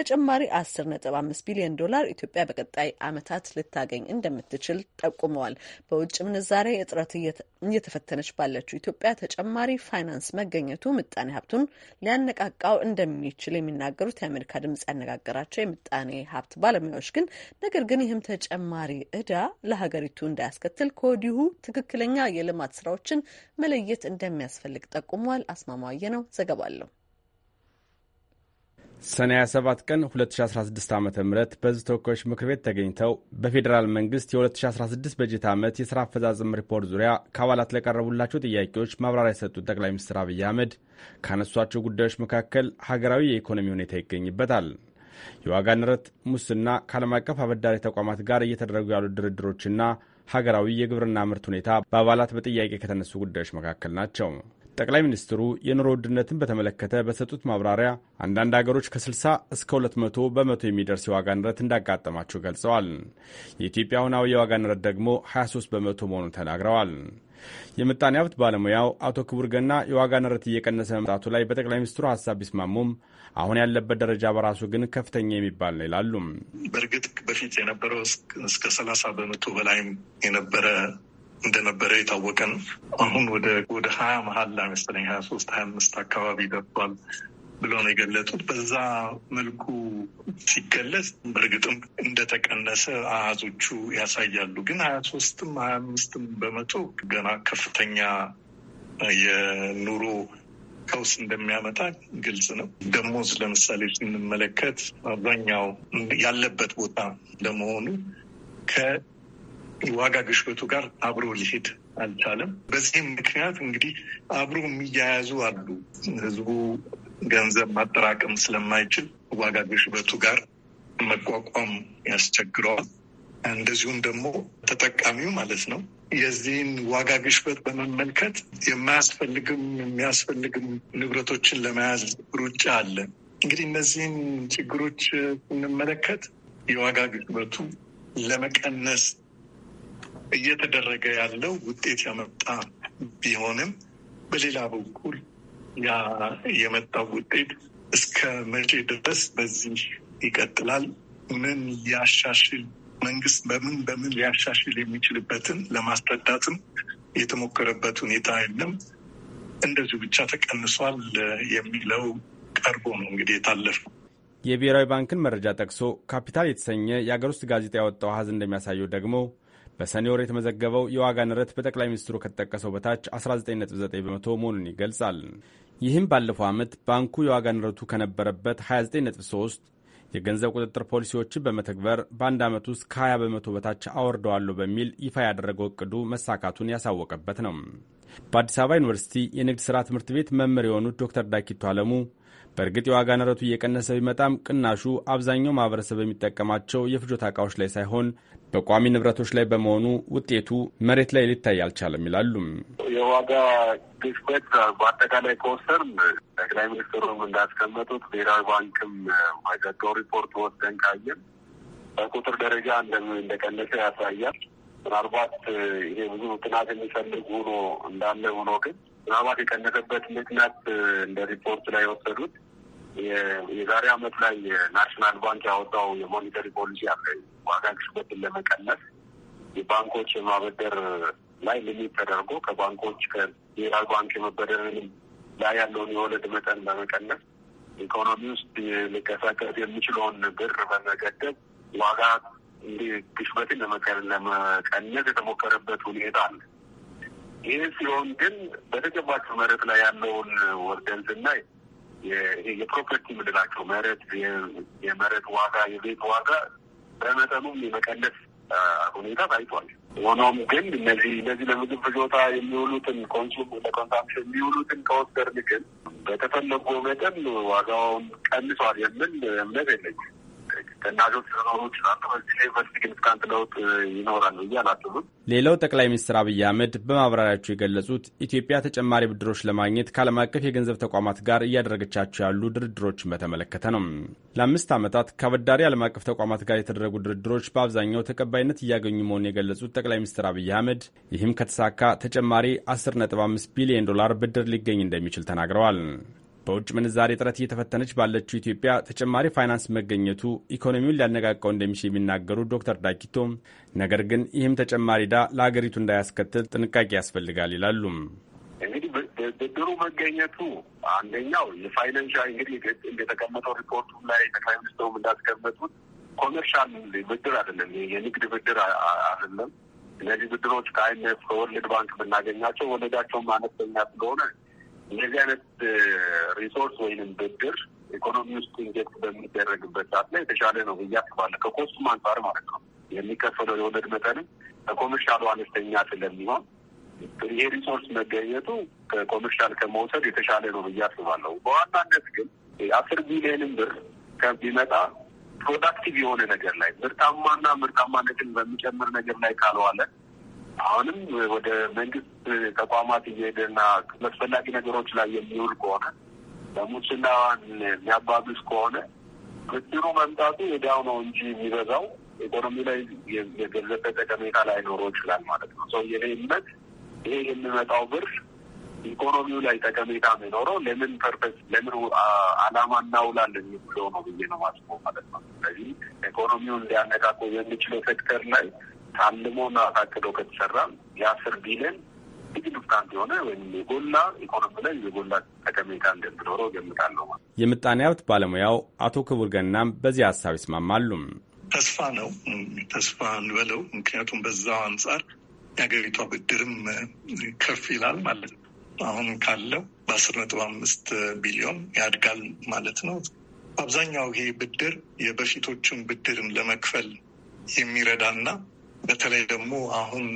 ተጨማሪ አስር ነጥብ አምስት ቢሊዮን ዶላር ዶላር ኢትዮጵያ በቀጣይ ዓመታት ልታገኝ እንደምትችል ጠቁመዋል። በውጭ ምንዛሬ እጥረት እየተፈተነች ባለችው ኢትዮጵያ ተጨማሪ ፋይናንስ መገኘቱ ምጣኔ ሀብቱን ሊያነቃቃው እንደሚችል የሚናገሩት የአሜሪካ ድምጽ ያነጋገራቸው የምጣኔ ሀብት ባለሙያዎች ግን ነገር ግን ይህም ተጨማሪ እዳ ለሀገሪቱ እንዳያስከትል ከወዲሁ ትክክለኛ የልማት ስራዎችን መለየት እንደሚያስፈልግ ጠቁመዋል። አስማማየ ነው ዘገባለሁ ሰኔ 27 ቀን 2016 ዓ ም በዚህ ተወካዮች ምክር ቤት ተገኝተው በፌዴራል መንግስት የ2016 በጀት ዓመት የሥራ አፈጻጸም ሪፖርት ዙሪያ ከአባላት ለቀረቡላቸው ጥያቄዎች ማብራሪያ የሰጡት ጠቅላይ ሚኒስትር አብይ አህመድ ካነሷቸው ጉዳዮች መካከል ሀገራዊ የኢኮኖሚ ሁኔታ ይገኝበታል። የዋጋ ንረት፣ ሙስና፣ ከዓለም አቀፍ አበዳሪ ተቋማት ጋር እየተደረጉ ያሉ ድርድሮችና ሀገራዊ የግብርና ምርት ሁኔታ በአባላት በጥያቄ ከተነሱ ጉዳዮች መካከል ናቸው። ጠቅላይ ሚኒስትሩ የኑሮ ውድነትን በተመለከተ በሰጡት ማብራሪያ አንዳንድ አገሮች ከ60 እስከ 200 በመቶ የሚደርስ የዋጋ ንረት እንዳጋጠማቸው ገልጸዋል። የኢትዮጵያ አሁናዊ የዋጋ ንረት ደግሞ 23 በመቶ መሆኑን ተናግረዋል። የምጣኔ ሀብት ባለሙያው አቶ ክቡር ገና የዋጋ ንረት እየቀነሰ መምጣቱ ላይ በጠቅላይ ሚኒስትሩ ሀሳብ ቢስማሙም አሁን ያለበት ደረጃ በራሱ ግን ከፍተኛ የሚባል ነው ይላሉ። በእርግጥ በፊት የነበረው እስከ ሰላሳ በመቶ በላይም የነበረ እንደነበረ የታወቀ ነው። አሁን ወደ ወደ ሀያ መሀል ላይ መሰለኝ ሀያ ሶስት ሀያ አምስት አካባቢ ደርሷል ብሎ ነው የገለጡት። በዛ መልኩ ሲገለጽ በእርግጥም እንደተቀነሰ አሃዞቹ ያሳያሉ። ግን ሀያ ሶስትም ሀያ አምስትም በመቶ ገና ከፍተኛ የኑሮ ቀውስ እንደሚያመጣ ግልጽ ነው። ደሞዝ ለምሳሌ ስንመለከት አብዛኛው ያለበት ቦታ ለመሆኑ ዋጋ ግሽበቱ ጋር አብሮ ሊሄድ አልቻለም። በዚህም ምክንያት እንግዲህ አብሮ የሚያያዙ አሉ። ህዝቡ ገንዘብ ማጠራቀም ስለማይችል ዋጋ ግሽበቱ ጋር መቋቋም ያስቸግረዋል። እንደዚሁም ደግሞ ተጠቃሚው ማለት ነው የዚህን ዋጋ ግሽበት በመመልከት የማያስፈልግም የሚያስፈልግም ንብረቶችን ለመያዝ ሩጫ አለ። እንግዲህ እነዚህን ችግሮች ስንመለከት የዋጋ ግሽበቱ ለመቀነስ እየተደረገ ያለው ውጤት ያመጣ ቢሆንም በሌላ በኩል ያ የመጣው ውጤት እስከ መቼ ድረስ በዚህ ይቀጥላል? ምን ሊያሻሽል መንግስት በምን በምን ሊያሻሽል የሚችልበትን ለማስረዳትም የተሞከረበት ሁኔታ የለም። እንደዚሁ ብቻ ተቀንሷል የሚለው ቀርቦ ነው እንግዲህ የታለፈው። የብሔራዊ ባንክን መረጃ ጠቅሶ ካፒታል የተሰኘ የአገር ውስጥ ጋዜጣ ያወጣው አሃዝ እንደሚያሳየው ደግሞ በሰኔ ወር የተመዘገበው የዋጋ ንረት በጠቅላይ ሚኒስትሩ ከተጠቀሰው በታች 19.9 በመቶ መሆኑን ይገልጻል። ይህም ባለፈው ዓመት ባንኩ የዋጋ ንረቱ ከነበረበት 29.3 የገንዘብ ቁጥጥር ፖሊሲዎችን በመተግበር በአንድ ዓመት ውስጥ ከ20 በመቶ በታች አወርደዋለሁ በሚል ይፋ ያደረገው እቅዱ መሳካቱን ያሳወቀበት ነው። በአዲስ አበባ ዩኒቨርሲቲ የንግድ ሥራ ትምህርት ቤት መምህር የሆኑት ዶክተር ዳኪቶ አለሙ በእርግጥ የዋጋ ንረቱ እየቀነሰ ቢመጣም ቅናሹ አብዛኛው ማህበረሰብ የሚጠቀማቸው የፍጆታ ዕቃዎች ላይ ሳይሆን በቋሚ ንብረቶች ላይ በመሆኑ ውጤቱ መሬት ላይ ሊታይ አልቻለም ይላሉም። የዋጋ ግሽበት በአጠቃላይ ከወሰን ጠቅላይ ሚኒስትሩም እንዳስቀመጡት ብሔራዊ ባንክም ማይዘገው ሪፖርት ወስደን ካየን በቁጥር ደረጃ እንደቀነሰ ያሳያል። ምናልባት ይሄ ብዙ ጥናት የሚፈልግ ሆኖ እንዳለ ሆኖ ግን ምናልባት የቀነሰበት ምክንያት እንደ ሪፖርት ላይ የወሰዱት የዛሬ አመት ላይ የናሽናል ባንክ ያወጣው የሞኔተሪ ፖሊሲ አለ። ዋጋ ግሽበትን ለመቀነስ የባንኮች የማበደር ላይ ሊሚት ተደርጎ ከባንኮች ከብሔራዊ ባንክ የመበደር ላይ ያለውን የወለድ መጠን በመቀነስ ኢኮኖሚ ውስጥ ሊንቀሳቀስ የሚችለውን ብር በመገደብ ዋጋ ግሽበትን ለመቀነስ የተሞከረበት ሁኔታ አለ። ይህ ሲሆን ግን በተጨባጭ መሬት ላይ ያለውን ወርደን ስናይ የፕሮፐርቲ የምንላቸው መሬት፣ የመሬት ዋጋ፣ የቤት ዋጋ በመጠኑም የመቀነስ ሁኔታ ታይቷል። ሆኖም ግን እነዚህ እነዚህ ለምግብ ፍጆታ የሚውሉትን ኮንሱም ለኮንሳምፕሽን የሚውሉትን ከወሰድን ግን በተፈለጉ መጠን ዋጋውን ቀንሷል የሚል እምነት የለኝም። ከእናቶች ሊኖሩ ይችላሉ። በዚህ ላይ በሲግኒፊካንት ለውጥ ይኖራል ብዬ አላስብም። ሌላው ጠቅላይ ሚኒስትር አብይ አህመድ በማብራሪያቸው የገለጹት ኢትዮጵያ ተጨማሪ ብድሮች ለማግኘት ከዓለም አቀፍ የገንዘብ ተቋማት ጋር እያደረገቻቸው ያሉ ድርድሮችን በተመለከተ ነው። ለአምስት ዓመታት ከአበዳሪ ዓለም አቀፍ ተቋማት ጋር የተደረጉ ድርድሮች በአብዛኛው ተቀባይነት እያገኙ መሆኑን የገለጹት ጠቅላይ ሚኒስትር አብይ አህመድ ይህም ከተሳካ ተጨማሪ 10.5 ቢሊዮን ዶላር ብድር ሊገኝ እንደሚችል ተናግረዋል። በውጭ ምንዛሬ እጥረት እየተፈተነች ባለችው ኢትዮጵያ ተጨማሪ ፋይናንስ መገኘቱ ኢኮኖሚውን ሊያነቃቀው እንደሚችል የሚናገሩት ዶክተር ዳኪቶ ነገር ግን ይህም ተጨማሪ ዕዳ ለሀገሪቱ እንዳያስከትል ጥንቃቄ ያስፈልጋል ይላሉም። እንግዲህ ብድሩ መገኘቱ አንደኛው የፋይናንሻ እንግዲህ እንደተቀመጠው ሪፖርቱ ላይ ጠቅላይ ሚኒስትሩም እንዳስቀመጡት ኮመርሻል ብድር አይደለም፣ የንግድ ብድር አይደለም። እነዚህ ብድሮች ከአይነት ከወርልድ ባንክ ብናገኛቸው ወለዳቸውም አነስተኛ ስለሆነ እንደዚህ አይነት ሪሶርስ ወይንም ብድር ኢኮኖሚ ውስጥ ኢንጀክት በሚደረግበት ሰዓት ላይ የተሻለ ነው ብዬ አስባለሁ። ከኮስቱም አንጻር ማለት ነው። የሚከፈለው የወለድ መጠንም ከኮመርሻሉ አነስተኛ ስለሚሆን ይሄ ሪሶርስ መገኘቱ ከኮመርሻል ከመውሰድ የተሻለ ነው ብዬ አስባለሁ። በዋናነት ግን አስር ቢሊዮንም ብር ከቢመጣ ፕሮዳክቲቭ የሆነ ነገር ላይ ምርታማና ምርታማነትን በሚጨምር ነገር ላይ ካለዋለን አሁንም ወደ መንግስት ተቋማት እየሄደና አስፈላጊ ነገሮች ላይ የሚውል ከሆነ ለሙስናዋን የሚያባብስ ከሆነ ብድሩ መምጣቱ የዳው ነው እንጂ የሚበዛው ኢኮኖሚ ላይ የገለጠ ጠቀሜታ ላይኖረው ይችላል ማለት ነው። ሰው የኔ እምነት ይሄ የሚመጣው ብር ኢኮኖሚው ላይ ጠቀሜታ የሚኖረው ለምን ፐርፐስ ለምን አላማ እናውላለን የሚለው ነው ብዬ ነው ማስቦ ማለት ነው። ስለዚህ ኢኮኖሚውን ሊያነቃቆ የሚችለው ሴክተር ላይ ታልሞና ታቅዶ ከተሰራ የአስር ቢሊዮን ሲግኒፊካንት የሆነ ወይም የጎላ ኢኮኖሚ ላይ የጎላ ጠቀሜታ እንደምኖረው ገምታለሁ። የምጣኔ ሀብት ባለሙያው አቶ ክቡር ገናም በዚህ ሀሳብ ይስማማሉ። ተስፋ ነው ተስፋ እንበለው። ምክንያቱም በዛው አንጻር የሀገሪቷ ብድርም ከፍ ይላል ማለት ነው። አሁን ካለው በአስር ነጥብ አምስት ቢሊዮን ያድጋል ማለት ነው። አብዛኛው ይሄ ብድር የበፊቶቹን ብድርን ለመክፈል የሚረዳና በተለይ ደግሞ አሁን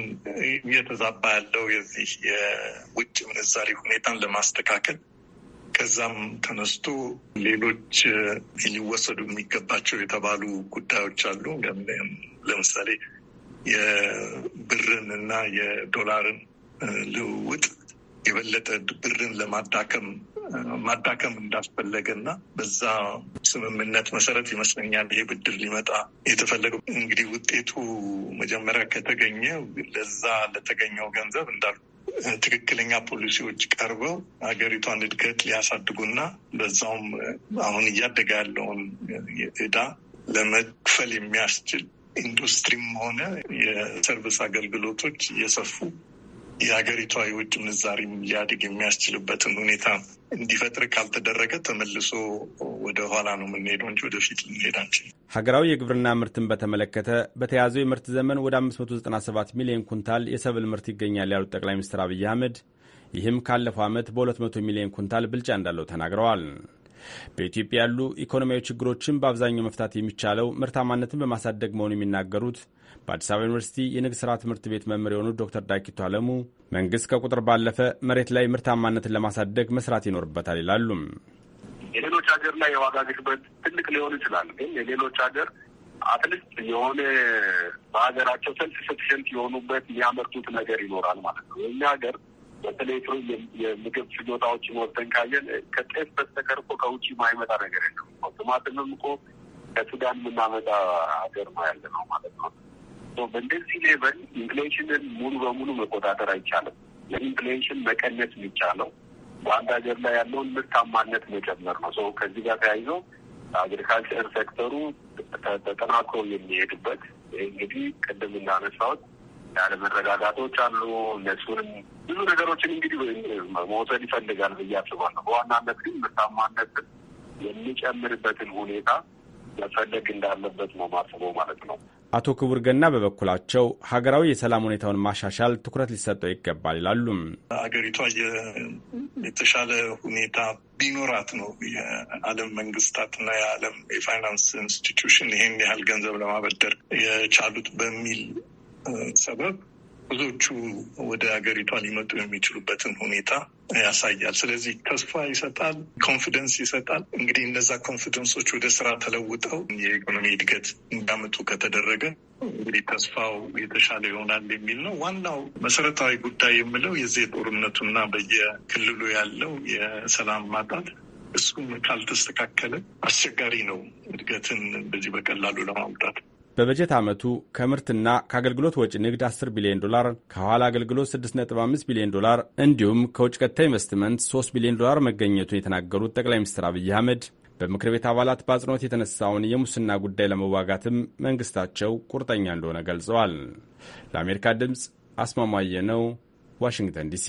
እየተዛባ ያለው የዚህ የውጭ ምንዛሪ ሁኔታን ለማስተካከል ከዛም ተነስቶ ሌሎች ሊወሰዱ የሚገባቸው የተባሉ ጉዳዮች አሉ። ለምሳሌ የብርን እና የዶላርን ልውውጥ የበለጠ ብርን ለማዳከም ማዳከም እንዳስፈለገ በዛ ስምምነት መሰረት ይመስለኛል ይሄ ብድር ሊመጣ የተፈለገው። እንግዲህ ውጤቱ መጀመሪያ ከተገኘ ለዛ ለተገኘው ገንዘብ እንዳል ትክክለኛ ፖሊሲዎች ቀርበው ሀገሪቷን እድገት ሊያሳድጉና በዛውም አሁን እያደገ ያለውን እዳ ለመክፈል የሚያስችል ኢንዱስትሪም ሆነ የሰርቪስ አገልግሎቶች እየሰፉ የሀገሪቷ የውጭ ምንዛሪም ሊያድግ የሚያስችልበትን ሁኔታ እንዲፈጥር ካልተደረገ ተመልሶ ወደ ኋላ ነው የምንሄደው እንጂ ወደፊት ልንሄድ አንችል። ሀገራዊ የግብርና ምርትን በተመለከተ በተያዘው የምርት ዘመን ወደ 597 ሚሊዮን ኩንታል የሰብል ምርት ይገኛል ያሉት ጠቅላይ ሚኒስትር አብይ አህመድ ይህም ካለፈው ዓመት በ200 ሚሊዮን ኩንታል ብልጫ እንዳለው ተናግረዋል። በኢትዮጵያ ያሉ ኢኮኖሚያዊ ችግሮችን በአብዛኛው መፍታት የሚቻለው ምርታማነትን በማሳደግ መሆኑ የሚናገሩት በአዲስ አበባ ዩኒቨርሲቲ የንግድ ሥራ ትምህርት ቤት መምህር የሆኑት ዶክተር ዳኪቶ አለሙ መንግሥት ከቁጥር ባለፈ መሬት ላይ ምርታማነትን ለማሳደግ መስራት ይኖርበታል ይላሉም። የሌሎች ሀገር ላይ የዋጋ ግሽበት ትልቅ ሊሆን ይችላል፣ ግን የሌሎች ሀገር አትሊስት የሆነ በሀገራቸው ሰልፍ ሰፊሸንት የሆኑበት የሚያመርቱት ነገር ይኖራል ማለት ነው። የእኛ ሀገር በተለይ ጥሩ የምግብ ችሎታዎች ወርተን ካየን ከጤፍ በስተቀር እኮ ከውጭ ማይመጣ ነገር የለም። ቲማቲምም እኮ ከሱዳን የምናመጣ ሀገር ነው ያለ ነው ማለት ነው። በእንደዚህ ሌቨል ኢንፍሌሽንን ሙሉ በሙሉ መቆጣጠር አይቻልም። ለኢንፍሌሽን መቀነስ የሚቻለው በአንድ ሀገር ላይ ያለውን ምርታማነት መጨመር ነው። ሰው ከዚህ ጋር ተያይዞ አግሪካልቸር ሴክተሩ ተጠናክሮ የሚሄድበት እንግዲህ ቅድም እንዳነሳሁት ያለመረጋጋቶች አሉ። እነሱንም ብዙ ነገሮችን እንግዲህ መውሰድ ይፈልጋል ብዬ አስባለሁ። በዋናነት ግን ምርታማነትን የሚጨምርበትን ሁኔታ መፈለግ እንዳለበት ነው ማስበው ማለት ነው። አቶ ክቡር ገና በበኩላቸው ሀገራዊ የሰላም ሁኔታውን ማሻሻል ትኩረት ሊሰጠው ይገባል ይላሉም። ሀገሪቷ የተሻለ ሁኔታ ቢኖራት ነው የዓለም መንግስታት እና የዓለም የፋይናንስ ኢንስቲትዩሽን ይሄን ያህል ገንዘብ ለማበደር የቻሉት በሚል ሰበብ ብዙዎቹ ወደ ሀገሪቷ ሊመጡ የሚችሉበትን ሁኔታ ያሳያል። ስለዚህ ተስፋ ይሰጣል፣ ኮንፊደንስ ይሰጣል። እንግዲህ እነዛ ኮንፊደንሶች ወደ ስራ ተለውጠው የኢኮኖሚ እድገት እንዳመጡ ከተደረገ እንግዲህ ተስፋው የተሻለ ይሆናል የሚል ነው። ዋናው መሰረታዊ ጉዳይ የምለው የዚህ ጦርነቱና በየክልሉ ያለው የሰላም ማጣት እሱም ካልተስተካከለ አስቸጋሪ ነው እድገትን በዚህ በቀላሉ ለማምጣት። በበጀት ዓመቱ ከምርትና ከአገልግሎት ወጪ ንግድ 10 ቢሊዮን ዶላር፣ ከኋላ አገልግሎት 6.5 ቢሊዮን ዶላር እንዲሁም ከውጭ ቀጥታ ኢንቨስትመንት 3 ቢሊዮን ዶላር መገኘቱን የተናገሩት ጠቅላይ ሚኒስትር አብይ አህመድ በምክር ቤት አባላት በአጽንኦት የተነሳውን የሙስና ጉዳይ ለመዋጋትም መንግስታቸው ቁርጠኛ እንደሆነ ገልጸዋል። ለአሜሪካ ድምፅ አስማማየ ነው፣ ዋሽንግተን ዲሲ።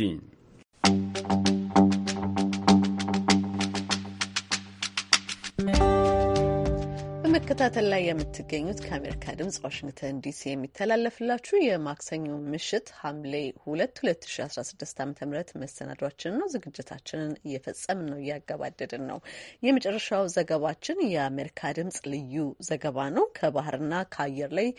በመከታተል ላይ የምትገኙት ከአሜሪካ ድምጽ ዋሽንግተን ዲሲ የሚተላለፍላችሁ የማክሰኞ ምሽት ሐምሌ 2 2016 ዓ ም መሰናዷችን ነው። ዝግጅታችንን እየፈጸምን ነው፣ እያገባደድን ነው። የመጨረሻው ዘገባችን የአሜሪካ ድምጽ ልዩ ዘገባ ነው። ከባህርና ከአየር ላይ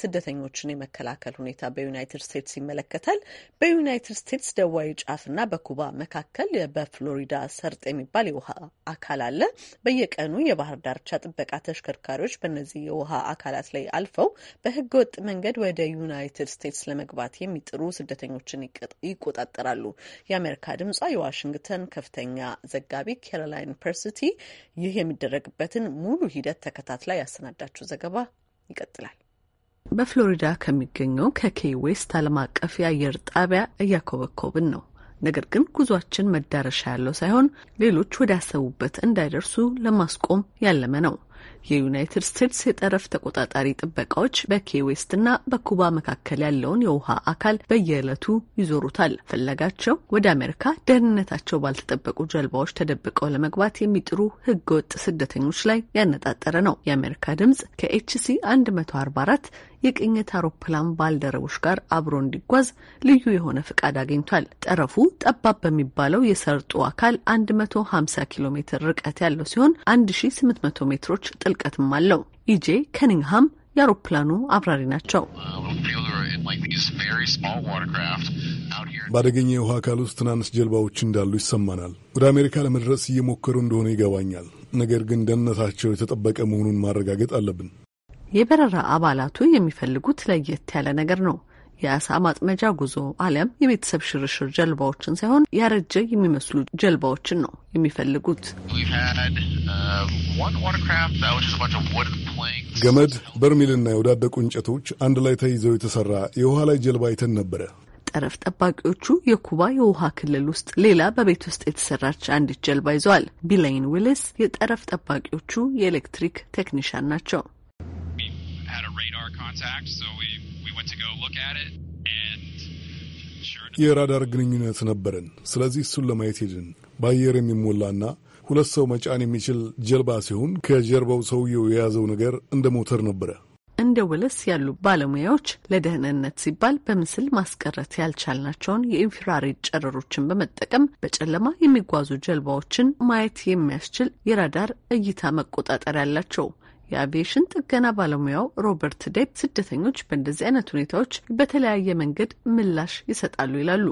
ስደተኞችን የመከላከል ሁኔታ በዩናይትድ ስቴትስ ይመለከታል። በዩናይትድ ስቴትስ ደቡባዊ ጫፍና በኩባ መካከል በፍሎሪዳ ሰርጥ የሚባል የውሃ አካል አለ። በየቀኑ የባህር ዳርቻ ጥበቃ ተሽከርካ አሽከርካሪዎች በእነዚህ የውሃ አካላት ላይ አልፈው በህገ ወጥ መንገድ ወደ ዩናይትድ ስቴትስ ለመግባት የሚጥሩ ስደተኞችን ይቆጣጠራሉ። የአሜሪካ ድምጿ የዋሽንግተን ከፍተኛ ዘጋቢ ኬሮላይን ፐርሲቲ ይህ የሚደረግበትን ሙሉ ሂደት ተከታትላ ያሰናዳችው ዘገባ ይቀጥላል። በፍሎሪዳ ከሚገኘው ከኬይ ዌስት ዓለም አቀፍ የአየር ጣቢያ እያኮበኮብን ነው። ነገር ግን ጉዟችን መዳረሻ ያለው ሳይሆን ሌሎች ወዳሰቡበት እንዳይደርሱ ለማስቆም ያለመ ነው። የዩናይትድ ስቴትስ የጠረፍ ተቆጣጣሪ ጥበቃዎች በኬ ዌስት እና በኩባ መካከል ያለውን የውሃ አካል በየዕለቱ ይዞሩታል። ፍለጋቸው ወደ አሜሪካ ደህንነታቸው ባልተጠበቁ ጀልባዎች ተደብቀው ለመግባት የሚጥሩ ህገወጥ ስደተኞች ላይ ያነጣጠረ ነው። የአሜሪካ ድምጽ ከኤችሲ 144 የቅኝት አውሮፕላን ባልደረቦች ጋር አብሮ እንዲጓዝ ልዩ የሆነ ፍቃድ አግኝቷል። ጠረፉ ጠባብ በሚባለው የሰርጡ አካል 150 ኪሎ ሜትር ርቀት ያለው ሲሆን 1800 ሜትሮች ጥልቀትም አለው። ኢጄ ከኒንግሃም የአውሮፕላኑ አብራሪ ናቸው። በአደገኛ የውሃ አካል ውስጥ ትናንሽ ጀልባዎች እንዳሉ ይሰማናል። ወደ አሜሪካ ለመድረስ እየሞከሩ እንደሆነ ይገባኛል። ነገር ግን ደህንነታቸው የተጠበቀ መሆኑን ማረጋገጥ አለብን። የበረራ አባላቱ የሚፈልጉት ለየት ያለ ነገር ነው። የአሳ ማጥመጃ ጉዞ አሊያም የቤተሰብ ሽርሽር ጀልባዎችን ሳይሆን ያረጀ የሚመስሉ ጀልባዎችን ነው የሚፈልጉት። uh, ገመድ፣ በርሜልና የወዳደቁ እንጨቶች አንድ ላይ ተይዘው የተሰራ የውሃ ላይ ጀልባ አይተን ነበረ። ጠረፍ ጠባቂዎቹ የኩባ የውሃ ክልል ውስጥ ሌላ በቤት ውስጥ የተሰራች አንዲት ጀልባ ይዘዋል። ቢላይን ዊልስ የጠረፍ ጠባቂዎቹ የኤሌክትሪክ ቴክኒሻን ናቸው። የራዳር ግንኙነት ነበረን። ስለዚህ እሱን ለማየት ሄድን። በአየር የሚሞላና ሁለት ሰው መጫን የሚችል ጀልባ ሲሆን ከጀርባው ሰውየው የያዘው ነገር እንደ ሞተር ነበረ። እንደ ወለስ ያሉ ባለሙያዎች ለደህንነት ሲባል በምስል ማስቀረት ያልቻልናቸውን የኢንፍራሬድ ጨረሮችን በመጠቀም በጨለማ የሚጓዙ ጀልባዎችን ማየት የሚያስችል የራዳር እይታ መቆጣጠሪያ አላቸው። የአቪዬሽን ጥገና ባለሙያው ሮበርት ዴፕ ስደተኞች በእንደዚህ አይነት ሁኔታዎች በተለያየ መንገድ ምላሽ ይሰጣሉ ይላሉ።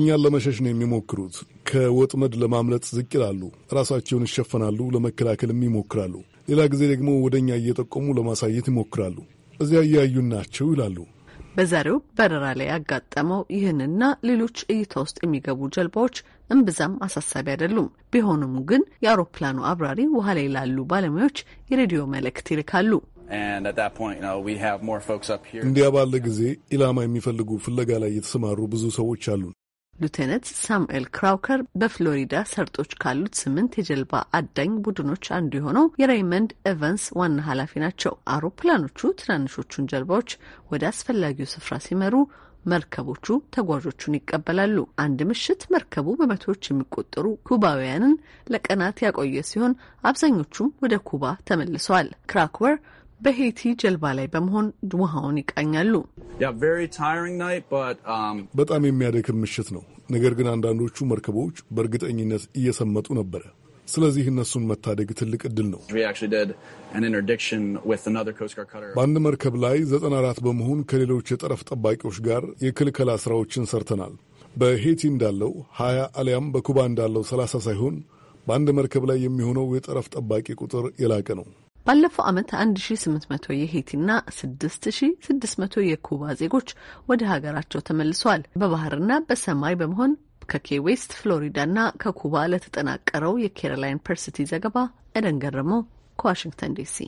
እኛን ለመሸሽ ነው የሚሞክሩት። ከወጥመድ ለማምለጥ ዝቅ ይላሉ፣ ራሳቸውን ይሸፈናሉ፣ ለመከላከልም ይሞክራሉ። ሌላ ጊዜ ደግሞ ወደ እኛ እየጠቆሙ ለማሳየት ይሞክራሉ። እዚያ እያዩን ናቸው ይላሉ። በዛሬው በረራ ላይ ያጋጠመው ይህንና ሌሎች እይታ ውስጥ የሚገቡ ጀልባዎች እምብዛም አሳሳቢ አይደሉም። ቢሆንም ግን የአውሮፕላኑ አብራሪ ውሃ ላይ ላሉ ባለሙያዎች የሬዲዮ መልእክት ይልካሉ። እንዲያ ባለ ጊዜ ኢላማ የሚፈልጉ ፍለጋ ላይ የተሰማሩ ብዙ ሰዎች አሉን። ሉቴነት ሳሙኤል ክራውከር በፍሎሪዳ ሰርጦች ካሉት ስምንት የጀልባ አዳኝ ቡድኖች አንዱ የሆነው የራይመንድ ኤቨንስ ዋና ኃላፊ ናቸው። አውሮፕላኖቹ ትናንሾቹን ጀልባዎች ወደ አስፈላጊው ስፍራ ሲመሩ መርከቦቹ ተጓዦቹን ይቀበላሉ። አንድ ምሽት መርከቡ በመቶዎች የሚቆጠሩ ኩባውያንን ለቀናት ያቆየ ሲሆን አብዛኞቹም ወደ ኩባ ተመልሰዋል። ክራክወር በሄቲ ጀልባ ላይ በመሆን ውሃውን ይቃኛሉ። um, በጣም የሚያደክም ምሽት ነው። ነገር ግን አንዳንዶቹ መርከቦች በእርግጠኝነት እየሰመጡ ነበረ። ስለዚህ እነሱን መታደግ ትልቅ እድል ነው። በአንድ መርከብ ላይ ዘጠና በመሆን ከሌሎች የጠረፍ ጠባቂዎች ጋር የክልከላ ስራዎችን ሰርተናል። በሄቲ እንዳለው ሀያ አሊያም በኩባ እንዳለው ሰላሳ ሳይሆን በአንድ መርከብ ላይ የሚሆነው የጠረፍ ጠባቂ ቁጥር የላቀ ነው። ባለፈው ዓመት 1800 የሄቲና 6600 የኩባ ዜጎች ወደ ሀገራቸው ተመልሰዋል። በባህርና በሰማይ በመሆን ከኬ ዌስት ፍሎሪዳና ከኩባ ለተጠናቀረው የኬሮላይን ፐርስቲ ዘገባ ኤደን ገረመው ከዋሽንግተን ዲሲ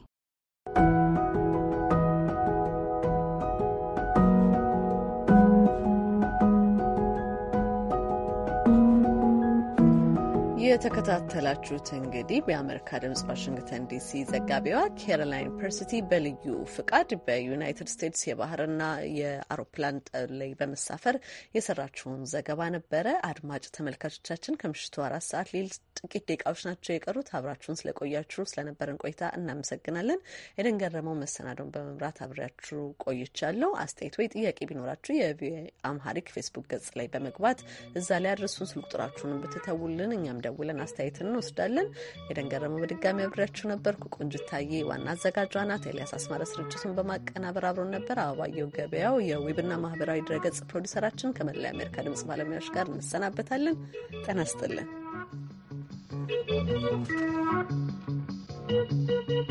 የተከታተላችሁት እንግዲህ በአሜሪካ ድምጽ ዋሽንግተን ዲሲ ዘጋቢዋ ኬሮላይን ፐርሲቲ በልዩ ፍቃድ በዩናይትድ ስቴትስ የባህርና የአውሮፕላን ላይ በመሳፈር የሰራችውን ዘገባ ነበረ። አድማጭ ተመልካቾቻችን ከምሽቱ አራት ሰዓት ሌል ጥቂት ደቂቃዎች ናቸው የቀሩት። አብራችሁን ስለቆያችሁ ስለነበረን ቆይታ እናመሰግናለን። ኤደን ገረመው መሰናዶን በመምራት አብሬያችሁ ቆይቻለሁ። አስተያየት ወይ ጥያቄ ቢኖራችሁ የቪኦኤ አምሃሪክ ፌስቡክ ገጽ ላይ በመግባት እዛ ላይ አድርሱን። ስልክ ቁጥራችሁንም ብትተውልን እኛም ደው ደውለን አስተያየትን እንወስዳለን። የደንገረመ በድጋሚ አብሬያችሁ ነበርኩ። ቆንጅታዬ ዋና አዘጋጇ ናት። ኤልያስ አስማረ ስርጭቱን በማቀናበር አብሮን ነበር። አበባየው ገበያው የዌብና ማህበራዊ ድረገጽ ፕሮዲሰራችን ከመላ የአሜሪካ ድምጽ ባለሙያዎች ጋር እንሰናበታለን። ጤና ይስጥልን።